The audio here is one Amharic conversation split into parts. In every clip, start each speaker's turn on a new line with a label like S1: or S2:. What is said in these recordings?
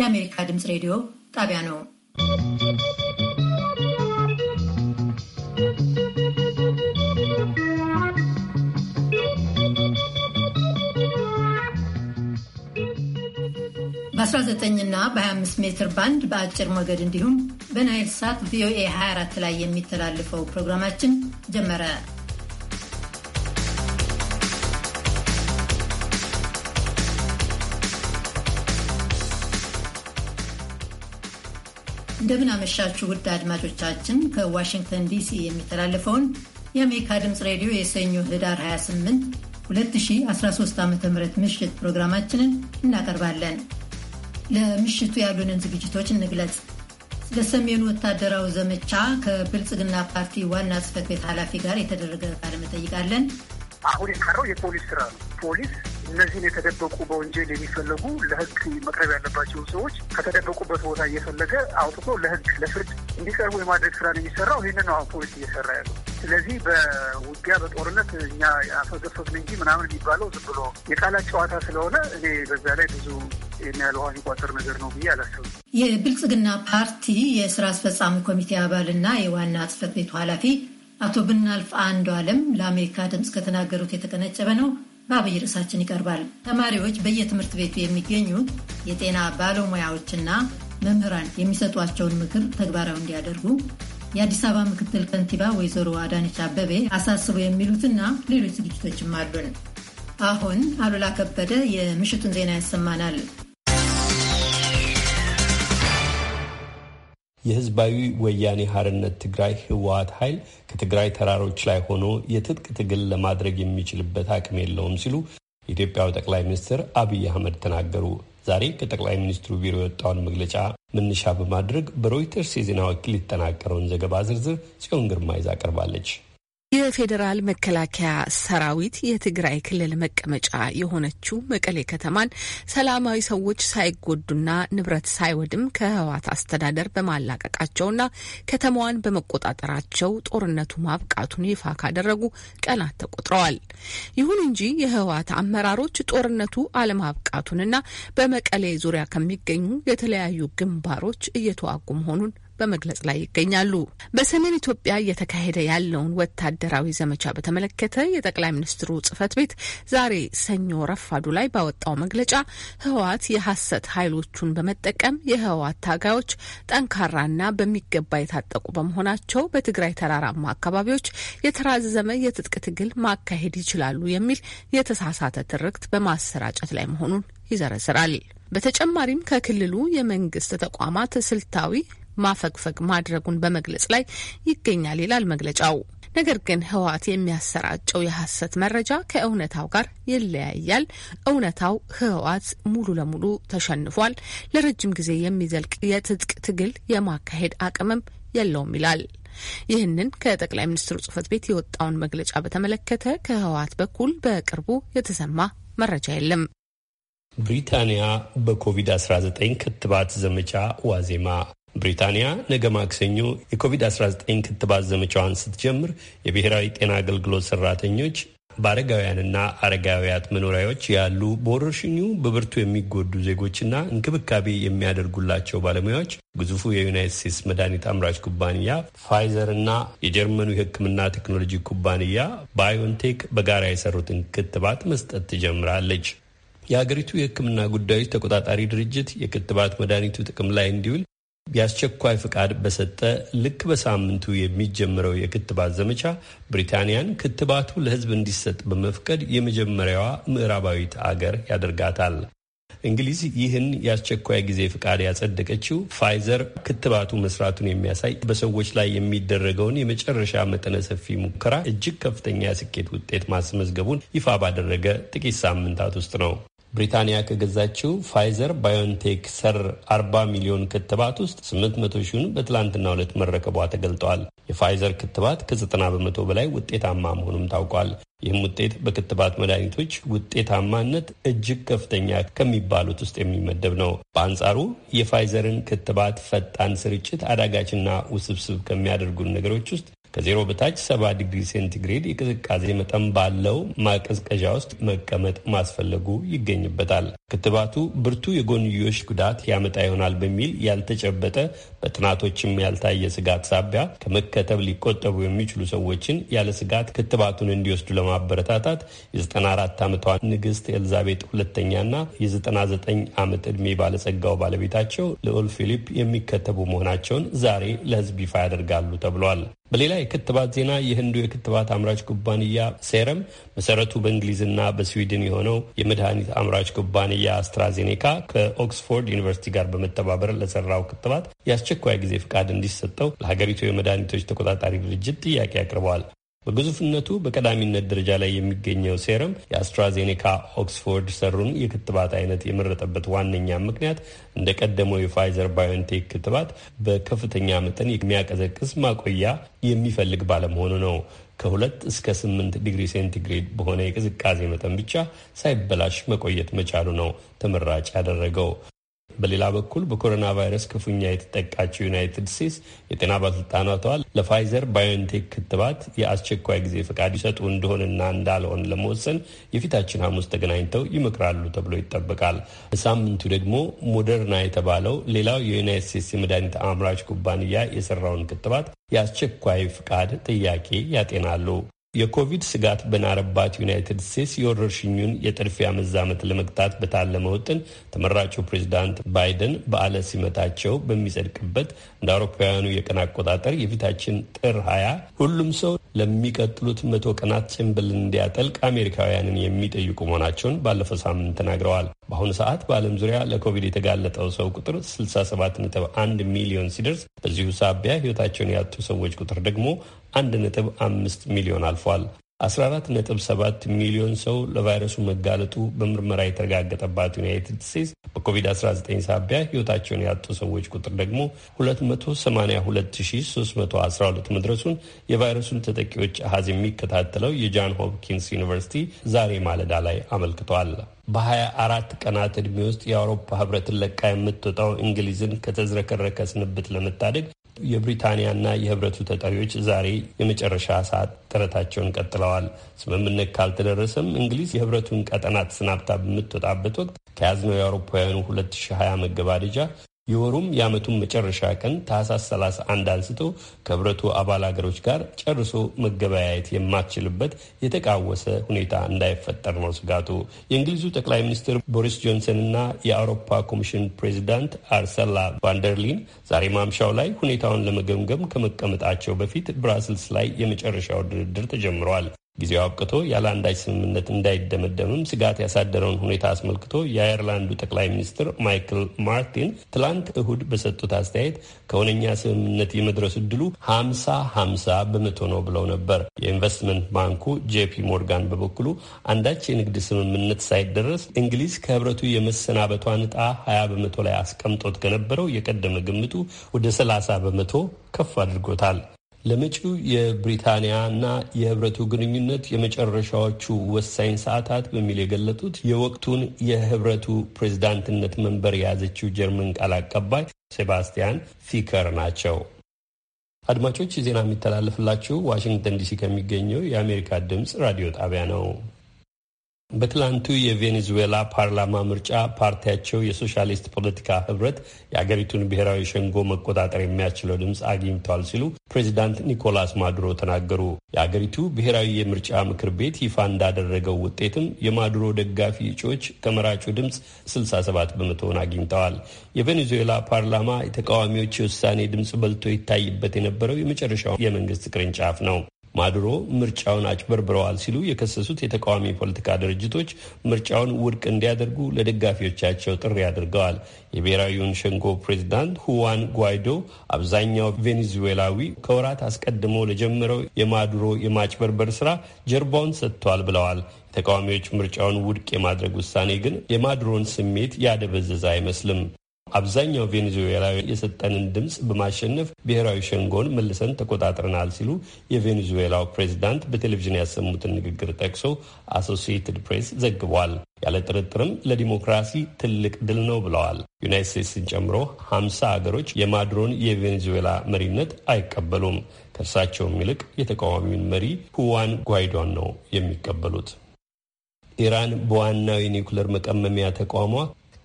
S1: የአሜሪካ ድምፅ ሬዲዮ ጣቢያ ነው። በ19 እና በ25 ሜትር ባንድ በአጭር ሞገድ እንዲሁም በናይል ሳት ቪኦኤ 24 ላይ የሚተላለፈው ፕሮግራማችን ጀመረ። እንደምን አመሻችሁ ውድ አድማጮቻችን። ከዋሽንግተን ዲሲ የሚተላለፈውን የአሜሪካ ድምፅ ሬዲዮ የሰኞ ህዳር 28 2013 ዓ ም ምሽት ፕሮግራማችንን እናቀርባለን። ለምሽቱ ያሉንን ዝግጅቶች እንግለጽ። ስለ ሰሜኑ ወታደራዊ ዘመቻ ከብልጽግና ፓርቲ ዋና ጽህፈት ቤት ኃላፊ ጋር የተደረገ ቃለመጠይቅ አለን።
S2: አሁን የቀረው የፖሊስ ስራ ነው። ፖሊስ እነዚህን የተደበቁ በወንጀል የሚፈለጉ ለህግ መቅረብ ያለባቸውን ሰዎች ከተደበቁበት ቦታ እየፈለገ አውጥቶ ለህግ ለፍርድ እንዲቀርቡ የማድረግ ስራ ነው የሚሰራው። ይህንን ነው ፖሊስ እየሰራ ያለው። ስለዚህ በውጊያ በጦርነት እኛ አፈገፈግን እንጂ ምናምን የሚባለው ዝም ብሎ የቃላት ጨዋታ ስለሆነ እኔ በዛ ላይ ብዙ የሚያለውን የሚቋጠር ነገር ነው ብዬ አላሰብም።
S1: የብልጽግና ፓርቲ የስራ አስፈጻሚ ኮሚቴ አባልና የዋና ጽህፈት ቤቱ ኃላፊ አቶ ብናልፍ አንዱ አለም ለአሜሪካ ድምፅ ከተናገሩት የተቀነጨበ ነው። በአብይ ርዕሳችን ይቀርባል። ተማሪዎች በየትምህርት ቤቱ የሚገኙት የጤና ባለሙያዎችና መምህራን የሚሰጧቸውን ምክር ተግባራዊ እንዲያደርጉ የአዲስ አበባ ምክትል ከንቲባ ወይዘሮ አዳነች አበቤ አሳስቡ የሚሉትና ሌሎች ዝግጅቶችም አሉን። አሁን አሉላ ከበደ የምሽቱን ዜና ያሰማናል።
S3: የህዝባዊ ወያኔ ሀርነት ትግራይ ህወሀት ኃይል ከትግራይ ተራሮች ላይ ሆኖ የትጥቅ ትግል ለማድረግ የሚችልበት አቅም የለውም ሲሉ የኢትዮጵያው ጠቅላይ ሚኒስትር አብይ አህመድ ተናገሩ። ዛሬ ከጠቅላይ ሚኒስትሩ ቢሮ የወጣውን መግለጫ መነሻ በማድረግ በሮይተርስ የዜና ወኪል የተጠናቀረውን ዘገባ ዝርዝር ጽዮን ግርማ ይዛ ቀርባለች።
S4: የፌዴራል መከላከያ ሰራዊት የትግራይ ክልል መቀመጫ የሆነችው መቀሌ ከተማን ሰላማዊ ሰዎች ሳይጎዱና ንብረት ሳይወድም ከህወሓት አስተዳደር በማላቀቃቸውና ከተማዋን በመቆጣጠራቸው ጦርነቱ ማብቃቱን ይፋ ካደረጉ ቀናት ተቆጥረዋል። ይሁን እንጂ የህወሓት አመራሮች ጦርነቱ አለማብቃቱንና በመቀሌ ዙሪያ ከሚገኙ የተለያዩ ግንባሮች እየተዋጉ መሆኑን በመግለጽ ላይ ይገኛሉ። በሰሜን ኢትዮጵያ እየተካሄደ ያለውን ወታደራዊ ዘመቻ በተመለከተ የጠቅላይ ሚኒስትሩ ጽህፈት ቤት ዛሬ ሰኞ ረፋዱ ላይ ባወጣው መግለጫ ህወሓት የሐሰት ኃይሎቹን በመጠቀም የህወሓት ታጋዮች ጠንካራና በሚገባ የታጠቁ በመሆናቸው በትግራይ ተራራማ አካባቢዎች የተራዘመ የትጥቅ ትግል ማካሄድ ይችላሉ የሚል የተሳሳተ ትርክት በማሰራጨት ላይ መሆኑን ይዘረዝራል። በተጨማሪም ከክልሉ የመንግስት ተቋማት ስልታዊ ማፈግፈግ ማድረጉን በመግለጽ ላይ ይገኛል ይላል መግለጫው። ነገር ግን ህወሓት የሚያሰራጨው የሐሰት መረጃ ከእውነታው ጋር ይለያያል። እውነታው ህወሓት ሙሉ ለሙሉ ተሸንፏል፣ ለረጅም ጊዜ የሚዘልቅ የትጥቅ ትግል የማካሄድ አቅምም የለውም ይላል። ይህንን ከጠቅላይ ሚኒስትሩ ጽህፈት ቤት የወጣውን መግለጫ በተመለከተ ከህወሓት በኩል በቅርቡ የተሰማ መረጃ የለም።
S3: ብሪታንያ በኮቪድ-19 ክትባት ዘመቻ ዋዜማ ብሪታንያ ነገ ማክሰኞ የኮቪድ-19 ክትባት ዘመቻዋን ስትጀምር የብሔራዊ ጤና አገልግሎት ሰራተኞች በአረጋውያንና አረጋውያት መኖሪያዎች ያሉ በወረርሽኙ በብርቱ የሚጎዱ ዜጎችና እንክብካቤ የሚያደርጉላቸው ባለሙያዎች ግዙፉ የዩናይት ስቴትስ መድኃኒት አምራች ኩባንያ ፋይዘር እና የጀርመኑ የሕክምና ቴክኖሎጂ ኩባንያ ባዮንቴክ በጋራ የሰሩትን ክትባት መስጠት ትጀምራለች። የሀገሪቱ የሕክምና ጉዳዮች ተቆጣጣሪ ድርጅት የክትባት መድኃኒቱ ጥቅም ላይ እንዲውል የአስቸኳይ ፍቃድ በሰጠ ልክ በሳምንቱ የሚጀምረው የክትባት ዘመቻ ብሪታንያን ክትባቱ ለሕዝብ እንዲሰጥ በመፍቀድ የመጀመሪያዋ ምዕራባዊት አገር ያደርጋታል። እንግሊዝ ይህን የአስቸኳይ ጊዜ ፍቃድ ያጸደቀችው ፋይዘር ክትባቱ መስራቱን የሚያሳይ በሰዎች ላይ የሚደረገውን የመጨረሻ መጠነ ሰፊ ሙከራ እጅግ ከፍተኛ የስኬት ውጤት ማስመዝገቡን ይፋ ባደረገ ጥቂት ሳምንታት ውስጥ ነው። ብሪታንያ ከገዛችው ፋይዘር ባዮንቴክ ሰር 40 ሚሊዮን ክትባት ውስጥ 800 ሺሁን በትላንትና ዕለት መረከቧ ተገልጧል። የፋይዘር ክትባት ከ90 በመቶ በላይ ውጤታማ መሆኑም ታውቋል። ይህም ውጤት በክትባት መድኃኒቶች ውጤታማነት እጅግ ከፍተኛ ከሚባሉት ውስጥ የሚመደብ ነው። በአንጻሩ የፋይዘርን ክትባት ፈጣን ስርጭት አዳጋችና ውስብስብ ከሚያደርጉን ነገሮች ውስጥ ከዜሮ በታች ሰባ ዲግሪ ሴንቲግሬድ የቅዝቃዜ መጠን ባለው ማቀዝቀዣ ውስጥ መቀመጥ ማስፈለጉ ይገኝበታል። ክትባቱ ብርቱ የጎንዮሽ ጉዳት ያመጣ ይሆናል በሚል ያልተጨበጠ በጥናቶችም ያልታየ ስጋት ሳቢያ ከመከተብ ሊቆጠቡ የሚችሉ ሰዎችን ያለ ስጋት ክትባቱን እንዲወስዱ ለማበረታታት የ94 ዓመቷ ንግሥት ኤልዛቤጥ ሁለተኛና የ99 ዓመት ዕድሜ ባለጸጋው ባለቤታቸው ልዑል ፊሊፕ የሚከተቡ መሆናቸውን ዛሬ ለሕዝብ ይፋ ያደርጋሉ ተብሏል። በሌላ የክትባት ዜና የህንዱ የክትባት አምራች ኩባንያ ሴረም መሰረቱ በእንግሊዝና በስዊድን የሆነው የመድኃኒት አምራች ኩባንያ አስትራዜኔካ ከኦክስፎርድ ዩኒቨርሲቲ ጋር በመተባበር ለሰራው ክትባት የአስቸኳይ ጊዜ ፍቃድ እንዲሰጠው ለሀገሪቱ የመድኃኒቶች ተቆጣጣሪ ድርጅት ጥያቄ አቅርበዋል። በግዙፍነቱ በቀዳሚነት ደረጃ ላይ የሚገኘው ሴረም የአስትራዜኔካ ኦክስፎርድ ሰሩን የክትባት አይነት የመረጠበት ዋነኛ ምክንያት እንደ ቀደመው የፋይዘር ባዮንቴክ ክትባት በከፍተኛ መጠን የሚያቀዘቅዝ ማቆያ የሚፈልግ ባለመሆኑ ነው። ከሁለት እስከ ስምንት ዲግሪ ሴንቲግሬድ በሆነ የቅዝቃዜ መጠን ብቻ ሳይበላሽ መቆየት መቻሉ ነው ተመራጭ ያደረገው። በሌላ በኩል በኮሮና ቫይረስ ክፉኛ የተጠቃችው ዩናይትድ ስቴትስ የጤና ባለስልጣናቷ ለፋይዘር ባዮንቴክ ክትባት የአስቸኳይ ጊዜ ፈቃድ ይሰጡ እንደሆንና እንዳልሆን ለመወሰን የፊታችን ሐሙስ ተገናኝተው ይመክራሉ ተብሎ ይጠበቃል። በሳምንቱ ደግሞ ሞደርና የተባለው ሌላው የዩናይትድ ስቴትስ የመድኃኒት አምራች ኩባንያ የሰራውን ክትባት የአስቸኳይ ፍቃድ ጥያቄ ያጤናሉ። የኮቪድ ስጋት በናረባት ዩናይትድ ስቴትስ የወረርሽኙን የጥድፊያ መዛመት ለመግታት በታለመ ውጥን ተመራጩ ፕሬዚዳንት ባይደን በዓለ ሲመታቸው በሚጸድቅበት እንደ አውሮፓውያኑ የቀን አቆጣጠር የፊታችን ጥር ሀያ ሁሉም ሰው ለሚቀጥሉት መቶ ቀናት ጭንብል እንዲያጠልቅ አሜሪካውያንን የሚጠይቁ መሆናቸውን ባለፈው ሳምንት ተናግረዋል። በአሁኑ ሰዓት በዓለም ዙሪያ ለኮቪድ የተጋለጠው ሰው ቁጥር 67.1 ሚሊዮን ሲደርስ በዚሁ ሳቢያ ሕይወታቸውን ያጡ ሰዎች ቁጥር ደግሞ 1.5 ሚሊዮን አልፏል። 14.7 ሚሊዮን ሰው ለቫይረሱ መጋለጡ በምርመራ የተረጋገጠባት ዩናይትድ ስቴትስ በኮቪድ-19 ሳቢያ ሕይወታቸውን ያጡ ሰዎች ቁጥር ደግሞ 282312 መድረሱን የቫይረሱን ተጠቂዎች አሃዝ የሚከታተለው የጃን ሆፕኪንስ ዩኒቨርሲቲ ዛሬ ማለዳ ላይ አመልክቷል። በ አራት ቀናት ዕድሜ ውስጥ የአውሮፓ ህብረትን ለቃ የምትወጣው እንግሊዝን ከተዝረከረከ ስንብት ለመታደግ የብሪታንያና የህብረቱ ተጠሪዎች ዛሬ የመጨረሻ ሰዓት ጥረታቸውን ቀጥለዋል። ስምምነት ካልተደረሰም እንግሊዝ የህብረቱን ቀጠና ተሰናብታ በምትወጣበት ወቅት ከያዝነው የአውሮፓውያኑ 2020 መገባደጃ የወሩም የዓመቱን መጨረሻ ቀን ታህሳስ 31 አንስቶ ከህብረቱ አባል አገሮች ጋር ጨርሶ መገበያየት የማትችልበት የተቃወሰ ሁኔታ እንዳይፈጠር ነው ስጋቱ። የእንግሊዙ ጠቅላይ ሚኒስትር ቦሪስ ጆንሰን የአውሮፓ ኮሚሽን ፕሬዚዳንት አርሰላ ቫንደርሊን ዛሬ ማምሻው ላይ ሁኔታውን ለመገምገም ከመቀመጣቸው በፊት ብራስልስ ላይ የመጨረሻው ድርድር ተጀምረዋል። ጊዜው አብቅቶ ያለ አንዳች ስምምነት እንዳይደመደምም ስጋት ያሳደረውን ሁኔታ አስመልክቶ የአየርላንዱ ጠቅላይ ሚኒስትር ማይክል ማርቲን ትላንት እሁድ በሰጡት አስተያየት ከሆነኛ ስምምነት የመድረስ እድሉ ሀምሳ ሀምሳ በመቶ ነው ብለው ነበር። የኢንቨስትመንት ባንኩ ጄፒ ሞርጋን በበኩሉ አንዳች የንግድ ስምምነት ሳይደረስ እንግሊዝ ከህብረቱ የመሰናበቷን ዕጣ ሀያ በመቶ ላይ አስቀምጦት ከነበረው የቀደመ ግምቱ ወደ ሰላሳ በመቶ ከፍ አድርጎታል። ለመጪው የብሪታንያና የህብረቱ ግንኙነት የመጨረሻዎቹ ወሳኝ ሰዓታት በሚል የገለጡት የወቅቱን የህብረቱ ፕሬዝዳንትነት መንበር የያዘችው ጀርመን ቃል አቀባይ ሴባስቲያን ፊከር ናቸው። አድማጮች ዜና የሚተላለፍላችሁ ዋሽንግተን ዲሲ ከሚገኘው የአሜሪካ ድምፅ ራዲዮ ጣቢያ ነው። በትላንቱ የቬኔዙዌላ ፓርላማ ምርጫ ፓርቲያቸው የሶሻሊስት ፖለቲካ ህብረት የአገሪቱን ብሔራዊ ሸንጎ መቆጣጠር የሚያስችለው ድምፅ አግኝቷል ሲሉ ፕሬዚዳንት ኒኮላስ ማዱሮ ተናገሩ። የአገሪቱ ብሔራዊ የምርጫ ምክር ቤት ይፋ እንዳደረገው ውጤትም የማዱሮ ደጋፊ እጩዎች ከመራጩ ድምፅ 67 በመቶውን አግኝተዋል። የቬኔዙዌላ ፓርላማ የተቃዋሚዎች የውሳኔ ድምፅ በልቶ ይታይበት የነበረው የመጨረሻው የመንግስት ቅርንጫፍ ነው። ማዱሮ ምርጫውን አጭበርብረዋል ሲሉ የከሰሱት የተቃዋሚ ፖለቲካ ድርጅቶች ምርጫውን ውድቅ እንዲያደርጉ ለደጋፊዎቻቸው ጥሪ አድርገዋል። የብሔራዊውን ሸንጎ ፕሬዚዳንት ሁዋን ጓይዶ አብዛኛው ቬኔዙዌላዊ ከወራት አስቀድሞ ለጀመረው የማዱሮ የማጭበርበር ስራ ጀርባውን ሰጥቷል ብለዋል። ተቃዋሚዎች ምርጫውን ውድቅ የማድረግ ውሳኔ ግን የማዱሮን ስሜት ያደበዘዘ አይመስልም። አብዛኛው ቬኔዙዌላዊ የሰጠንን ድምፅ በማሸነፍ ብሔራዊ ሸንጎን መልሰን ተቆጣጥረናል ሲሉ የቬኔዙዌላው ፕሬዚዳንት በቴሌቪዥን ያሰሙትን ንግግር ጠቅሶ አሶሲየትድ ፕሬስ ዘግቧል። ያለ ጥርጥርም ለዲሞክራሲ ትልቅ ድል ነው ብለዋል። ዩናይት ስቴትስን ጨምሮ ሀምሳ አገሮች የማድሮን የቬኔዙዌላ መሪነት አይቀበሉም። ከእርሳቸውም ይልቅ የተቃዋሚውን መሪ ሁዋን ጓይዶን ነው የሚቀበሉት። ኢራን በዋናው የኒውክለር መቀመሚያ ተቋሟ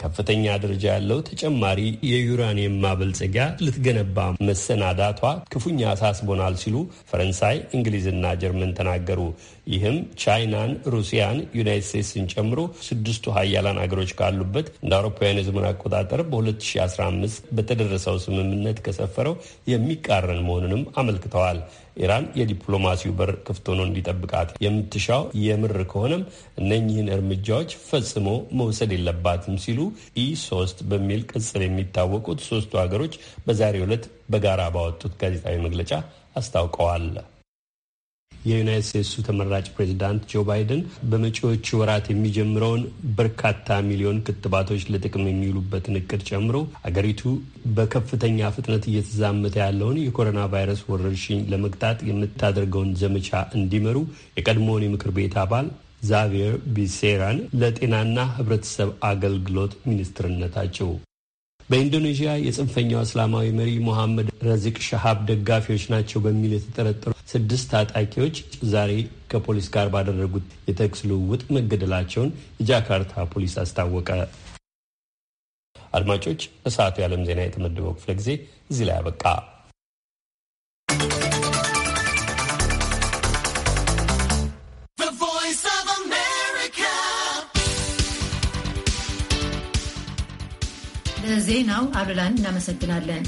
S3: ከፍተኛ ደረጃ ያለው ተጨማሪ የዩራኒየም ማበልጸጊያ ልትገነባ መሰናዳቷ ክፉኛ አሳስቦናል ሲሉ ፈረንሳይ፣ እንግሊዝና ጀርመን ተናገሩ። ይህም ቻይናን፣ ሩሲያን፣ ዩናይት ስቴትስን ጨምሮ ስድስቱ ሀያላን አገሮች ካሉበት እንደ አውሮፓውያን የዘመን አቆጣጠር በ2015 በተደረሰው ስምምነት ከሰፈረው የሚቃረን መሆኑንም አመልክተዋል። ኢራን የዲፕሎማሲው በር ክፍት ሆኖ እንዲጠብቃት የምትሻው የምር ከሆነም እነኚህን እርምጃዎች ፈጽሞ መውሰድ የለባትም ሲሉ ኢ ሶስት በሚል ቅጽል የሚታወቁት ሶስቱ ሀገሮች በዛሬው ዕለት በጋራ ባወጡት ጋዜጣዊ መግለጫ አስታውቀዋል። የዩናይት ስቴትሱ ተመራጭ ፕሬዚዳንት ጆ ባይደን በመጪዎቹ ወራት የሚጀምረውን በርካታ ሚሊዮን ክትባቶች ለጥቅም የሚውሉበትን እቅድ ጨምሮ አገሪቱ በከፍተኛ ፍጥነት እየተዛመተ ያለውን የኮሮና ቫይረስ ወረርሽኝ ለመግታት የምታደርገውን ዘመቻ እንዲመሩ የቀድሞውን የምክር ቤት አባል ዛቪየር ቢሴራን ለጤናና ሕብረተሰብ አገልግሎት ሚኒስትርነታቸው በኢንዶኔዥያ የጽንፈኛው እስላማዊ መሪ ሞሐመድ ረዚቅ ሻሃብ ደጋፊዎች ናቸው በሚል የተጠረጠሩ ስድስት ታጣቂዎች ዛሬ ከፖሊስ ጋር ባደረጉት የተኩስ ልውውጥ መገደላቸውን የጃካርታ ፖሊስ አስታወቀ። አድማጮች፣ እሳቱ የዓለም ዜና የተመደበው ክፍለ ጊዜ እዚህ ላይ አበቃ።
S1: ለዜናው አሉላን እናመሰግናለን።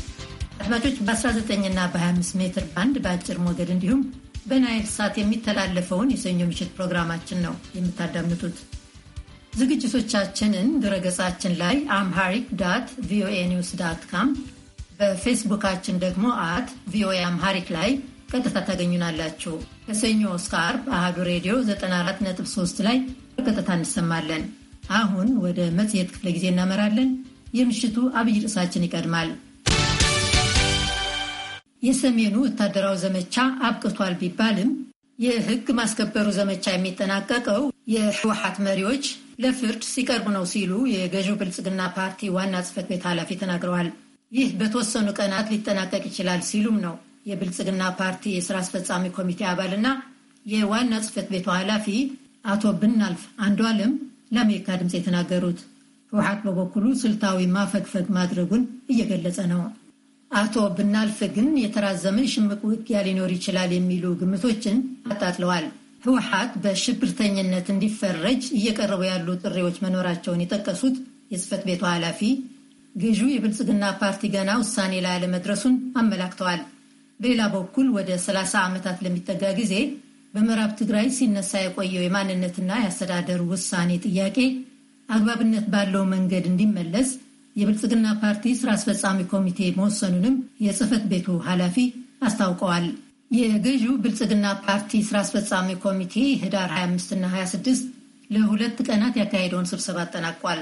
S1: አድማጮች በ19ና በ25 ሜትር ባንድ በአጭር ሞገድ እንዲሁም በናይል ሳት የሚተላለፈውን የሰኞ ምሽት ፕሮግራማችን ነው የምታዳምጡት። ዝግጅቶቻችንን ድረገጻችን ላይ አምሃሪክ ዳት ቪኦኤ ኒውስ ዳት ካም፣ በፌስቡካችን ደግሞ አት ቪኦኤ አምሃሪክ ላይ ቀጥታ ታገኙናላችሁ። ከሰኞ እስከ ዓርብ አህዱ ሬዲዮ 94.3 ላይ በቀጥታ እንሰማለን። አሁን ወደ መጽሔት ክፍለ ጊዜ እናመራለን። የምሽቱ አብይ ርዕሳችን ይቀድማል። የሰሜኑ ወታደራዊ ዘመቻ አብቅቷል ቢባልም የሕግ ማስከበሩ ዘመቻ የሚጠናቀቀው የህወሓት መሪዎች ለፍርድ ሲቀርቡ ነው ሲሉ የገዢው ብልጽግና ፓርቲ ዋና ጽፈት ቤት ኃላፊ ተናግረዋል። ይህ በተወሰኑ ቀናት ሊጠናቀቅ ይችላል ሲሉም ነው የብልጽግና ፓርቲ የስራ አስፈጻሚ ኮሚቴ አባልና የዋና ጽህፈት ቤቱ ኃላፊ አቶ ብናልፍ አንዷልም ለአሜሪካ ድምፅ የተናገሩት። ህወሓት በበኩሉ ስልታዊ ማፈግፈግ ማድረጉን እየገለጸ ነው። አቶ ብናልፍ ግን የተራዘመ ሽምቅ ውጊያ ሊኖር ይችላል የሚሉ ግምቶችን አጣጥለዋል። ህወሓት በሽብርተኝነት እንዲፈረጅ እየቀረቡ ያሉ ጥሪዎች መኖራቸውን የጠቀሱት የጽህፈት ቤቱ ኃላፊ ገዢው የብልጽግና ፓርቲ ገና ውሳኔ ላይ አለመድረሱን አመላክተዋል። በሌላ በኩል ወደ 30 ዓመታት ለሚጠጋ ጊዜ በምዕራብ ትግራይ ሲነሳ የቆየው የማንነትና የአስተዳደር ውሳኔ ጥያቄ አግባብነት ባለው መንገድ እንዲመለስ የብልጽግና ፓርቲ ስራ አስፈጻሚ ኮሚቴ መወሰኑንም የጽህፈት ቤቱ ኃላፊ አስታውቀዋል። የገዢው ብልጽግና ፓርቲ ስራ አስፈጻሚ ኮሚቴ ህዳር 25 እና 26 ለሁለት ቀናት ያካሄደውን ስብሰባ አጠናቋል።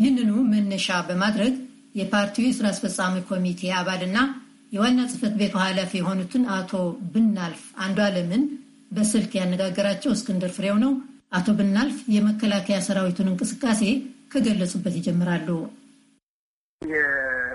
S1: ይህንኑ መነሻ በማድረግ የፓርቲው የስራ አስፈጻሚ ኮሚቴ አባልና የዋና ጽህፈት ቤቱ ኃላፊ የሆኑትን አቶ ብናልፍ አንዱ ዓለምን በስልክ ያነጋገራቸው እስክንድር ፍሬው ነው። አቶ ብናልፍ የመከላከያ ሰራዊቱን እንቅስቃሴ ከገለጹበት ይጀምራሉ።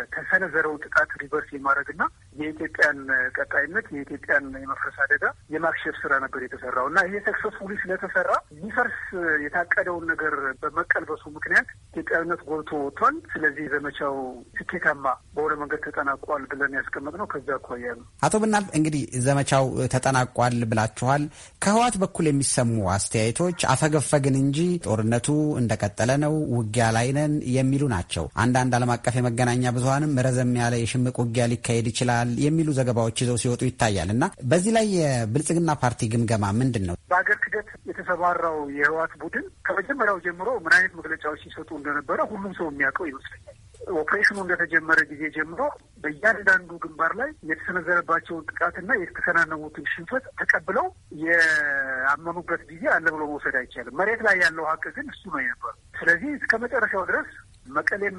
S2: የተሰነዘረው ጥቃት ሪቨርስ የማድረግና የኢትዮጵያን ቀጣይነት የኢትዮጵያን የመፍረስ አደጋ የማክሸፍ ስራ ነበር የተሰራው እና ይሄ ሰክሰስፉሊ ስለተሰራ ሊፈርስ የታቀደውን ነገር በመቀልበሱ ምክንያት ኢትዮጵያዊነት ጎልቶ ወጥቷል። ስለዚህ ዘመቻው ስኬታማ በሆነ መንገድ ተጠናቋል ብለን ያስቀመጥነው ከዛ አኳያ ነው።
S5: አቶ ብናልፍ እንግዲህ ዘመቻው ተጠናቋል ብላችኋል። ከህዋት በኩል የሚሰሙ አስተያየቶች አፈገፈግን እንጂ ጦርነቱ እንደቀጠለ ነው፣ ውጊያ ላይ ነን የሚሉ ናቸው። አንዳንድ ዓለም አቀፍ የመገናኛ ብዙ ብዙሀንም ረዘም ያለ የሽምቅ ውጊያ ሊካሄድ ይችላል የሚሉ ዘገባዎች ይዘው ሲወጡ ይታያል እና በዚህ ላይ የብልጽግና ፓርቲ ግምገማ ምንድን ነው?
S2: በሀገር ክደት የተሰማራው የህወሓት ቡድን ከመጀመሪያው ጀምሮ ምን አይነት መግለጫዎች ሲሰጡ እንደነበረ ሁሉም ሰው የሚያውቀው ይመስለኛል። ኦፕሬሽኑ እንደተጀመረ ጊዜ ጀምሮ በእያንዳንዱ ግንባር ላይ የተሰነዘረባቸውን ጥቃትና የተከናነቡትን ሽንፈት ተቀብለው የአመኑበት ጊዜ አለ ብሎ መውሰድ አይቻልም። መሬት ላይ ያለው ሀቅ ግን እሱ ነው የነበረው። ስለዚህ እስከ መጨረሻው ድረስ መቀሌም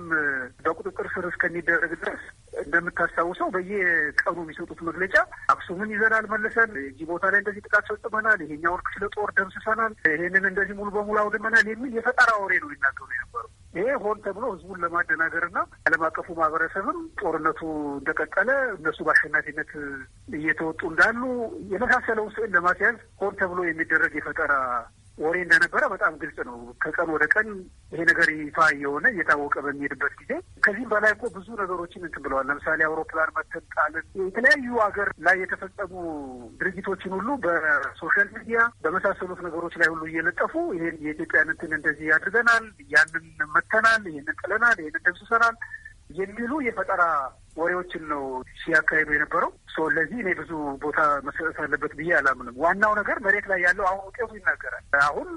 S2: በቁጥጥር ስር እስከሚደረግ ድረስ እንደምታስታውሰው በየቀኑ የሚሰጡት መግለጫ አክሱምን ይዘናል መልሰን እዚህ ቦታ ላይ እንደዚህ ጥቃት ፈጽመናል፣ ይሄኛውን ክፍለ ጦር ደምስሰናል፣ ይሄንን እንደዚህ ሙሉ በሙሉ አውድመናል የሚል የፈጠራ ወሬ ነው ይናገሩ የነበሩ። ይሄ ሆን ተብሎ ህዝቡን ለማደናገርና ዓለም አቀፉ ማህበረሰብም ጦርነቱ እንደቀጠለ እነሱ በአሸናፊነት እየተወጡ እንዳሉ የመሳሰለውን ስዕል ለማስያዝ ሆን ተብሎ የሚደረግ የፈጠራ ወሬ እንደነበረ በጣም ግልጽ ነው። ከቀን ወደ ቀን ይሄ ነገር ይፋ እየሆነ እየታወቀ በሚሄድበት ጊዜ ከዚህም በላይ እኮ ብዙ ነገሮችን እንትን ብለዋል። ለምሳሌ አውሮፕላን መተንጣልን፣ የተለያዩ ሀገር ላይ የተፈጸሙ ድርጊቶችን ሁሉ በሶሻል ሚዲያ በመሳሰሉት ነገሮች ላይ ሁሉ እየለጠፉ ይሄን የኢትዮጵያን እንትን እንደዚህ ያድርገናል፣ ያንን መተናል፣ ይህንን ጥለናል፣ ይህንን ደምስሰናል የሚሉ የፈጠራ ወሬዎችን ነው ሲያካሂዱ የነበረው። ለዚህ እኔ ብዙ ቦታ መሰጠት አለበት ብዬ አላምንም። ዋናው ነገር መሬት ላይ ያለው አሁን ውጤቱ ይናገራል። አሁን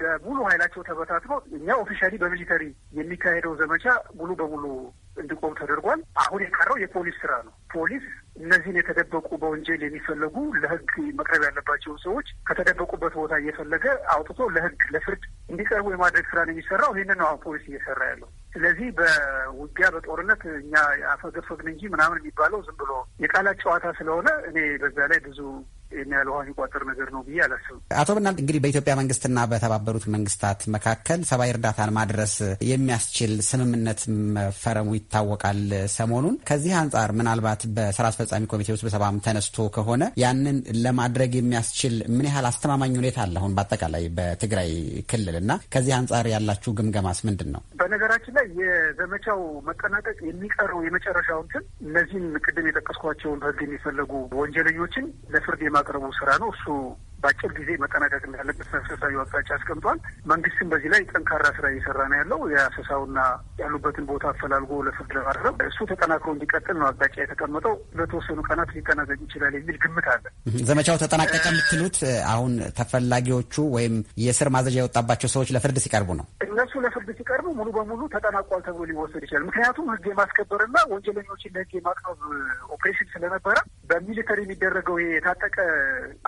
S2: በሙሉ ኃይላቸው ተበታትኖ እኛ ኦፊሻሊ በሚሊተሪ የሚካሄደው ዘመቻ ሙሉ በሙሉ እንዲቆም ተደርጓል። አሁን የቀረው የፖሊስ ስራ ነው። ፖሊስ እነዚህን የተደበቁ በወንጀል የሚፈለጉ ለህግ መቅረብ ያለባቸው ሰዎች ከተደበቁበት ቦታ እየፈለገ አውጥቶ ለህግ ለፍርድ እንዲቀርቡ የማድረግ ስራ ነው የሚሰራው። ይህንን ነው አሁን ፖሊስ እየሰራ ያለው። ስለዚህ በውጊያ በጦርነት እኛ አፈገፈግን እንጂ ምናምን የሚባለው ዝም ብሎ የቃላት ጨዋታ ስለሆነ እኔ በዛ ላይ ብዙ ይህን ያህል ውሃ የሚቋጠር ነገር ነው ብዬ አላስብም።
S5: አቶ ብናልጥ እንግዲህ በኢትዮጵያ መንግስትና በተባበሩት መንግስታት መካከል ሰብአዊ እርዳታን ማድረስ የሚያስችል ስምምነት መፈረሙ ይታወቃል ሰሞኑን። ከዚህ አንጻር ምናልባት በስራ አስፈጻሚ ኮሚቴ ውስጥ በሰባም ተነስቶ ከሆነ ያንን ለማድረግ የሚያስችል ምን ያህል አስተማማኝ ሁኔታ አለ አሁን በአጠቃላይ በትግራይ ክልል እና ከዚህ አንጻር ያላችሁ ግምገማስ ምንድን ነው?
S2: በነገራችን ላይ የዘመቻው መጠናቀቅ የሚቀረው የመጨረሻው እንትን እነዚህን ቅድም የጠቀስኳቸውን በህግ የሚፈለጉ ወንጀለኞችን ለፍርድ የማ የማቅረቡ ስራ ነው እሱ በአጭር ጊዜ መጠናቀቅ እንዳለበት መንፈሳዊ አቅጣጫ አስቀምጧል። መንግስትም በዚህ ላይ ጠንካራ ስራ እየሰራ ነው ያለው። የአሰሳውና ያሉበትን ቦታ አፈላልጎ ለፍርድ ለማቅረብ እሱ ተጠናክሮ እንዲቀጥል ነው አቅጣጫ የተቀመጠው። ለተወሰኑ ቀናት ሊጠናቀቅ ይችላል የሚል
S5: ግምት አለ። ዘመቻው ተጠናቀቀ የምትሉት አሁን ተፈላጊዎቹ ወይም የስር ማዘዣ የወጣባቸው ሰዎች ለፍርድ ሲቀርቡ ነው።
S2: እነሱ ለፍርድ ሲቀርቡ ሙሉ በሙሉ ተጠናቋል ተብሎ ሊወሰድ ይችላል። ምክንያቱም ህግ የማስከበርና ወንጀለኞችን ለህግ የማቅረብ ኦፕሬሽን ስለነበረ በሚሊተሪ የሚደረገው ይሄ የታጠቀ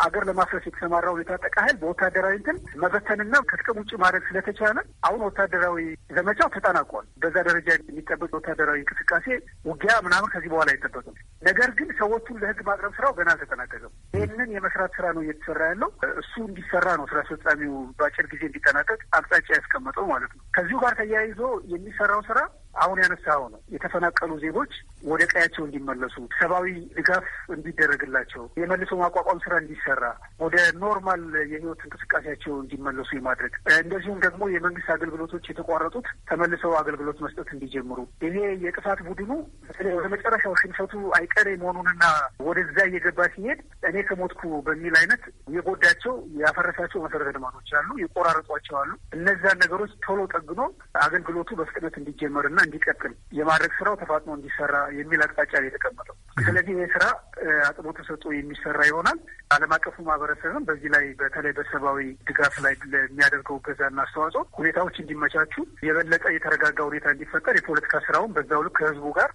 S2: አገር ለማፍረስ የተሰማራውን የታጠቀ ኃይል በወታደራዊ እንትን መበተንና ከጥቅም ውጭ ማድረግ ስለተቻለ አሁን ወታደራዊ ዘመቻው ተጠናቋል። በዛ ደረጃ የሚጠበቅ ወታደራዊ እንቅስቃሴ ውጊያ ምናምን ከዚህ በኋላ አይጠበቅም። ነገር ግን ሰዎቹን ለህግ ማቅረብ ስራው ገና አልተጠናቀቀም። ይህንን የመስራት ስራ ነው እየተሰራ ያለው። እሱ እንዲሰራ ነው ስራ አስፈጻሚው በአጭር ጊዜ እንዲጠናቀቅ አቅጣጫ ያስቀመጠው ማለት ነው። ከዚሁ ጋር ተያይዞ የሚሰራው ስራ አሁን ያነሳው ነው። የተፈናቀሉ ዜጎች ወደ ቀያቸው እንዲመለሱ ሰብአዊ ድጋፍ እንዲደረግላቸው፣ የመልሶ ማቋቋም ስራ እንዲሰራ፣ ወደ ኖርማል የህይወት እንቅስቃሴያቸው እንዲመለሱ የማድረግ እንደዚሁም ደግሞ የመንግስት አገልግሎቶች የተቋረጡት ተመልሰው አገልግሎት መስጠት እንዲጀምሩ ይሄ የጥፋት ቡድኑ ወደ መጨረሻው ሽንፈቱ አይቀሬ መሆኑንና ወደዛ እየገባ ሲሄድ እኔ ከሞትኩ በሚል አይነት የጎዳቸው ያፈረሳቸው መሰረተ ልማቶች አሉ፣ የቆራረጧቸው አሉ። እነዛን ነገሮች ቶሎ ጠግኖ አገልግሎቱ በፍጥነት እንዲጀመርና እንዲቀጥል የማድረግ ስራው ተፋጥኖ እንዲሰራ የሚል አቅጣጫ የተቀመጠው። ስለዚህ ይህ ስራ አጥቦ ተሰጦ የሚሰራ ይሆናል። ዓለም አቀፉ ማህበረሰብም በዚህ ላይ በተለይ በሰብአዊ ድጋፍ ላይ ለሚያደርገው እገዛና አስተዋጽኦ ሁኔታዎች እንዲመቻቹ የበለጠ የተረጋጋ ሁኔታ እንዲፈጠር የፖለቲካ ስራውን በዛው ልክ ከህዝቡ ጋር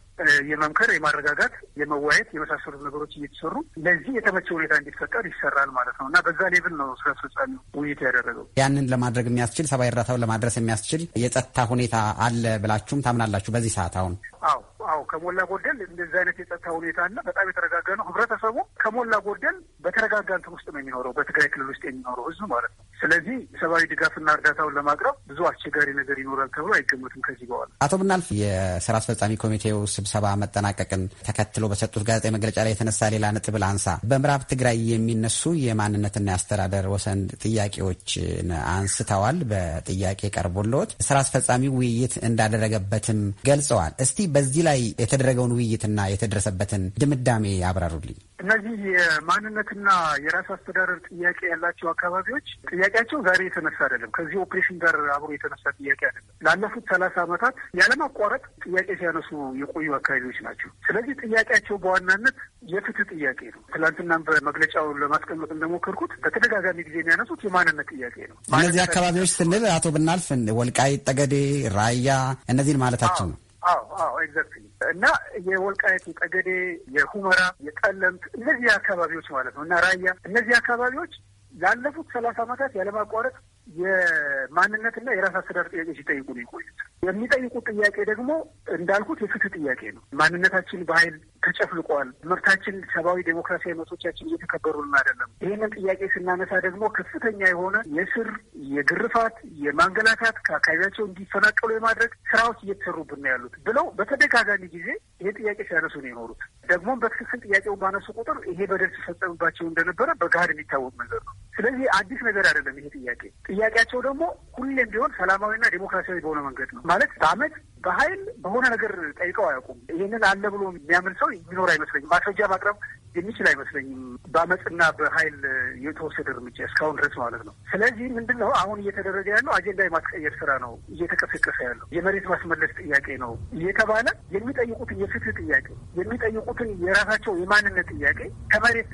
S2: የመምከር፣ የማረጋጋት፣ የመዋየት የመሳሰሉት ነገሮች እየተሰሩ ለዚህ የተመቸ ሁኔታ እንዲፈጠር ይሰራል ማለት ነው እና በዛ ሌብል ነው ስራ አስፈጻሚ ውይይት ያደረገው።
S5: ያንን ለማድረግ የሚያስችል ሰብአዊ እርዳታውን ለማድረስ የሚያስችል የጸጥታ ሁኔታ አለ ብላችሁም ታምናላችሁ? በዚህ ሰዓት አሁን
S2: አዎ አዎ ከሞላ ጎደል እንደዚህ አይነት የጸጥታ ሁኔታ እና በጣም የተረጋጋ ነው። ህብረተሰቡ ከሞላ ጎደል በተረጋጋ እንትን ውስጥ ነው የሚኖረው፣ በትግራይ ክልል ውስጥ የሚኖረው ህዝብ ማለት ነው። ስለዚህ ሰብአዊ ድጋፍና እርዳታውን ለማቅረብ ብዙ አስቸጋሪ ነገር ይኖራል ተብሎ አይገመትም። ከዚህ በኋላ
S5: አቶ ብናልፍ የስራ አስፈጻሚ ኮሚቴው ስብሰባ መጠናቀቅን ተከትሎ በሰጡት ጋዜጣዊ መግለጫ ላይ የተነሳ ሌላ ነጥብ ላንሳ። በምዕራብ ትግራይ የሚነሱ የማንነትና የአስተዳደር ወሰን ጥያቄዎችን አንስተዋል። በጥያቄ ቀርቦለት ስራ አስፈጻሚ ውይይት እንዳደረገበትም ገልጸዋል። እስቲ በዚህ ላይ የተደረገውን ውይይትና የተደረሰበትን ድምዳሜ ያብራሩልኝ።
S6: እነዚህ
S2: የማንነትና የራስ አስተዳደር ጥያቄ ያላቸው አካባቢዎች ጥያቄያቸው ዛሬ የተነሳ አይደለም። ከዚህ ኦፕሬሽን ጋር አብሮ የተነሳ ጥያቄ አይደለም። ላለፉት ሰላሳ ዓመታት ያለማቋረጥ ጥያቄ ሲያነሱ የቆዩ አካባቢዎች ናቸው። ስለዚህ ጥያቄያቸው በዋናነት የፍትህ ጥያቄ ነው። ትላንትና በመግለጫው ለማስቀመጥ እንደሞከርኩት በተደጋጋሚ ጊዜ የሚያነሱት የማንነት ጥያቄ ነው።
S7: እነዚህ አካባቢዎች
S5: ስንል አቶ ብናልፍ ወልቃይት፣ ጠገዴ፣ ራያ እነዚህን ማለታቸው ነው።
S2: አዎ አዎ ኤግዛክትሊ እና የወልቃየት ጠገዴ፣ የሁመራ፣ የጠለምት እነዚህ አካባቢዎች ማለት ነው እና ራያ እነዚህ አካባቢዎች ላለፉት ሰላሳ ዓመታት ያለማቋረጥ የማንነትና የራስ አስተዳደር ጥያቄ ሲጠይቁ ነው የቆዩት። የሚጠይቁት ጥያቄ ደግሞ እንዳልኩት የፍትህ ጥያቄ ነው። ማንነታችን በኃይል ተጨፍልቋል። ምርታችን፣ ሰብአዊ ዴሞክራሲያዊ መብቶቻችን እየተከበሩልን አይደለም። ይህንን ጥያቄ ስናነሳ ደግሞ ከፍተኛ የሆነ የስር የግርፋት፣ የማንገላታት ከአካባቢያቸው እንዲፈናቀሉ የማድረግ ስራዎች እየተሰሩብን ነው ያሉት ብለው በተደጋጋሚ ጊዜ ይሄ ጥያቄ ሲያነሱ ነው የኖሩት። ደግሞም በትክክል ጥያቄውን ባነሱ ቁጥር ይሄ በደል ሲፈጸምባቸው እንደነበረ በገሃድ የሚታወቅ ነገር ነው። ስለዚህ አዲስ ነገር አይደለም ይሄ ጥያቄ። ጥያቄያቸው ደግሞ ሁሌም ቢሆን ሰላማዊና ዴሞክራሲያዊ በሆነ መንገድ ነው ማለት በአመት በኃይል በሆነ ነገር ጠይቀው አያውቁም። ይህንን አለ ብሎ የሚያምን ሰው የሚኖር አይመስለኝም። ማስረጃ ማቅረብ የሚችል አይመስለኝም። በአመፅና በኃይል የተወሰደ እርምጃ እስካሁን ድረስ ማለት ነው። ስለዚህ ምንድን ነው አሁን እየተደረገ ያለው አጀንዳ የማስቀየር ስራ ነው እየተቀሰቀሰ ያለው የመሬት ማስመለስ ጥያቄ ነው እየተባለ የሚጠይቁትን የፍትህ ጥያቄ የሚጠይቁትን የራሳቸው የማንነት ጥያቄ ከመሬት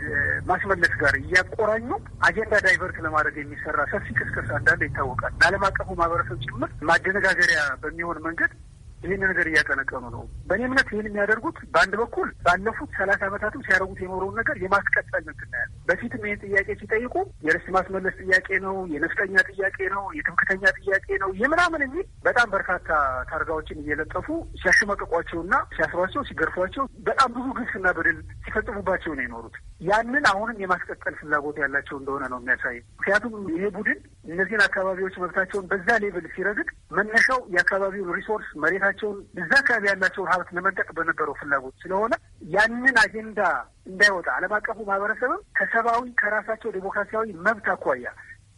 S2: ማስመለስ ጋር እያቆራኙ አጀንዳ ኢትዮጵያ ዳይቨርት ለማድረግ የሚሰራ ሰፊ ቅስቀሳ እንዳለ ይታወቃል። ለዓለም አቀፉ ማህበረሰብ ጭምር ማደነጋገሪያ በሚሆን መንገድ ይህን ነገር እያቀነቀኑ ነው። በእኔ እምነት ይህን የሚያደርጉት በአንድ በኩል ባለፉት ሰላሳ ዓመታትም ሲያደርጉት የኖረውን ነገር የማስቀጠል ምትናያል። በፊትም ይህን ጥያቄ ሲጠይቁ የርስት ማስመለስ ጥያቄ ነው፣ የነፍጠኛ ጥያቄ ነው፣ የትምክተኛ ጥያቄ ነው የምናምን የሚል በጣም በርካታ ታርጋዎችን እየለጠፉ ሲያሸመቀቋቸውና ሲያስሯቸው፣ ሲገርፏቸው በጣም ብዙ ግፍና በደል ሲፈጽሙባቸው ነው የኖሩት። ያንን አሁንም የማስቀጠል ፍላጎት ያላቸው እንደሆነ ነው የሚያሳይ። ምክንያቱም ይሄ ቡድን እነዚህን አካባቢዎች መብታቸውን በዛ ሌብል ሲረግጥ መነሻው የአካባቢውን ሪሶርስ መሬታ ያላቸውን እዛ አካባቢ ያላቸውን ሀብት ለመንጠቅ በነበረው ፍላጎት ስለሆነ ያንን አጀንዳ እንዳይወጣ ዓለም አቀፉ ማህበረሰብም ከሰብአዊ ከራሳቸው ዴሞክራሲያዊ መብት አኳያ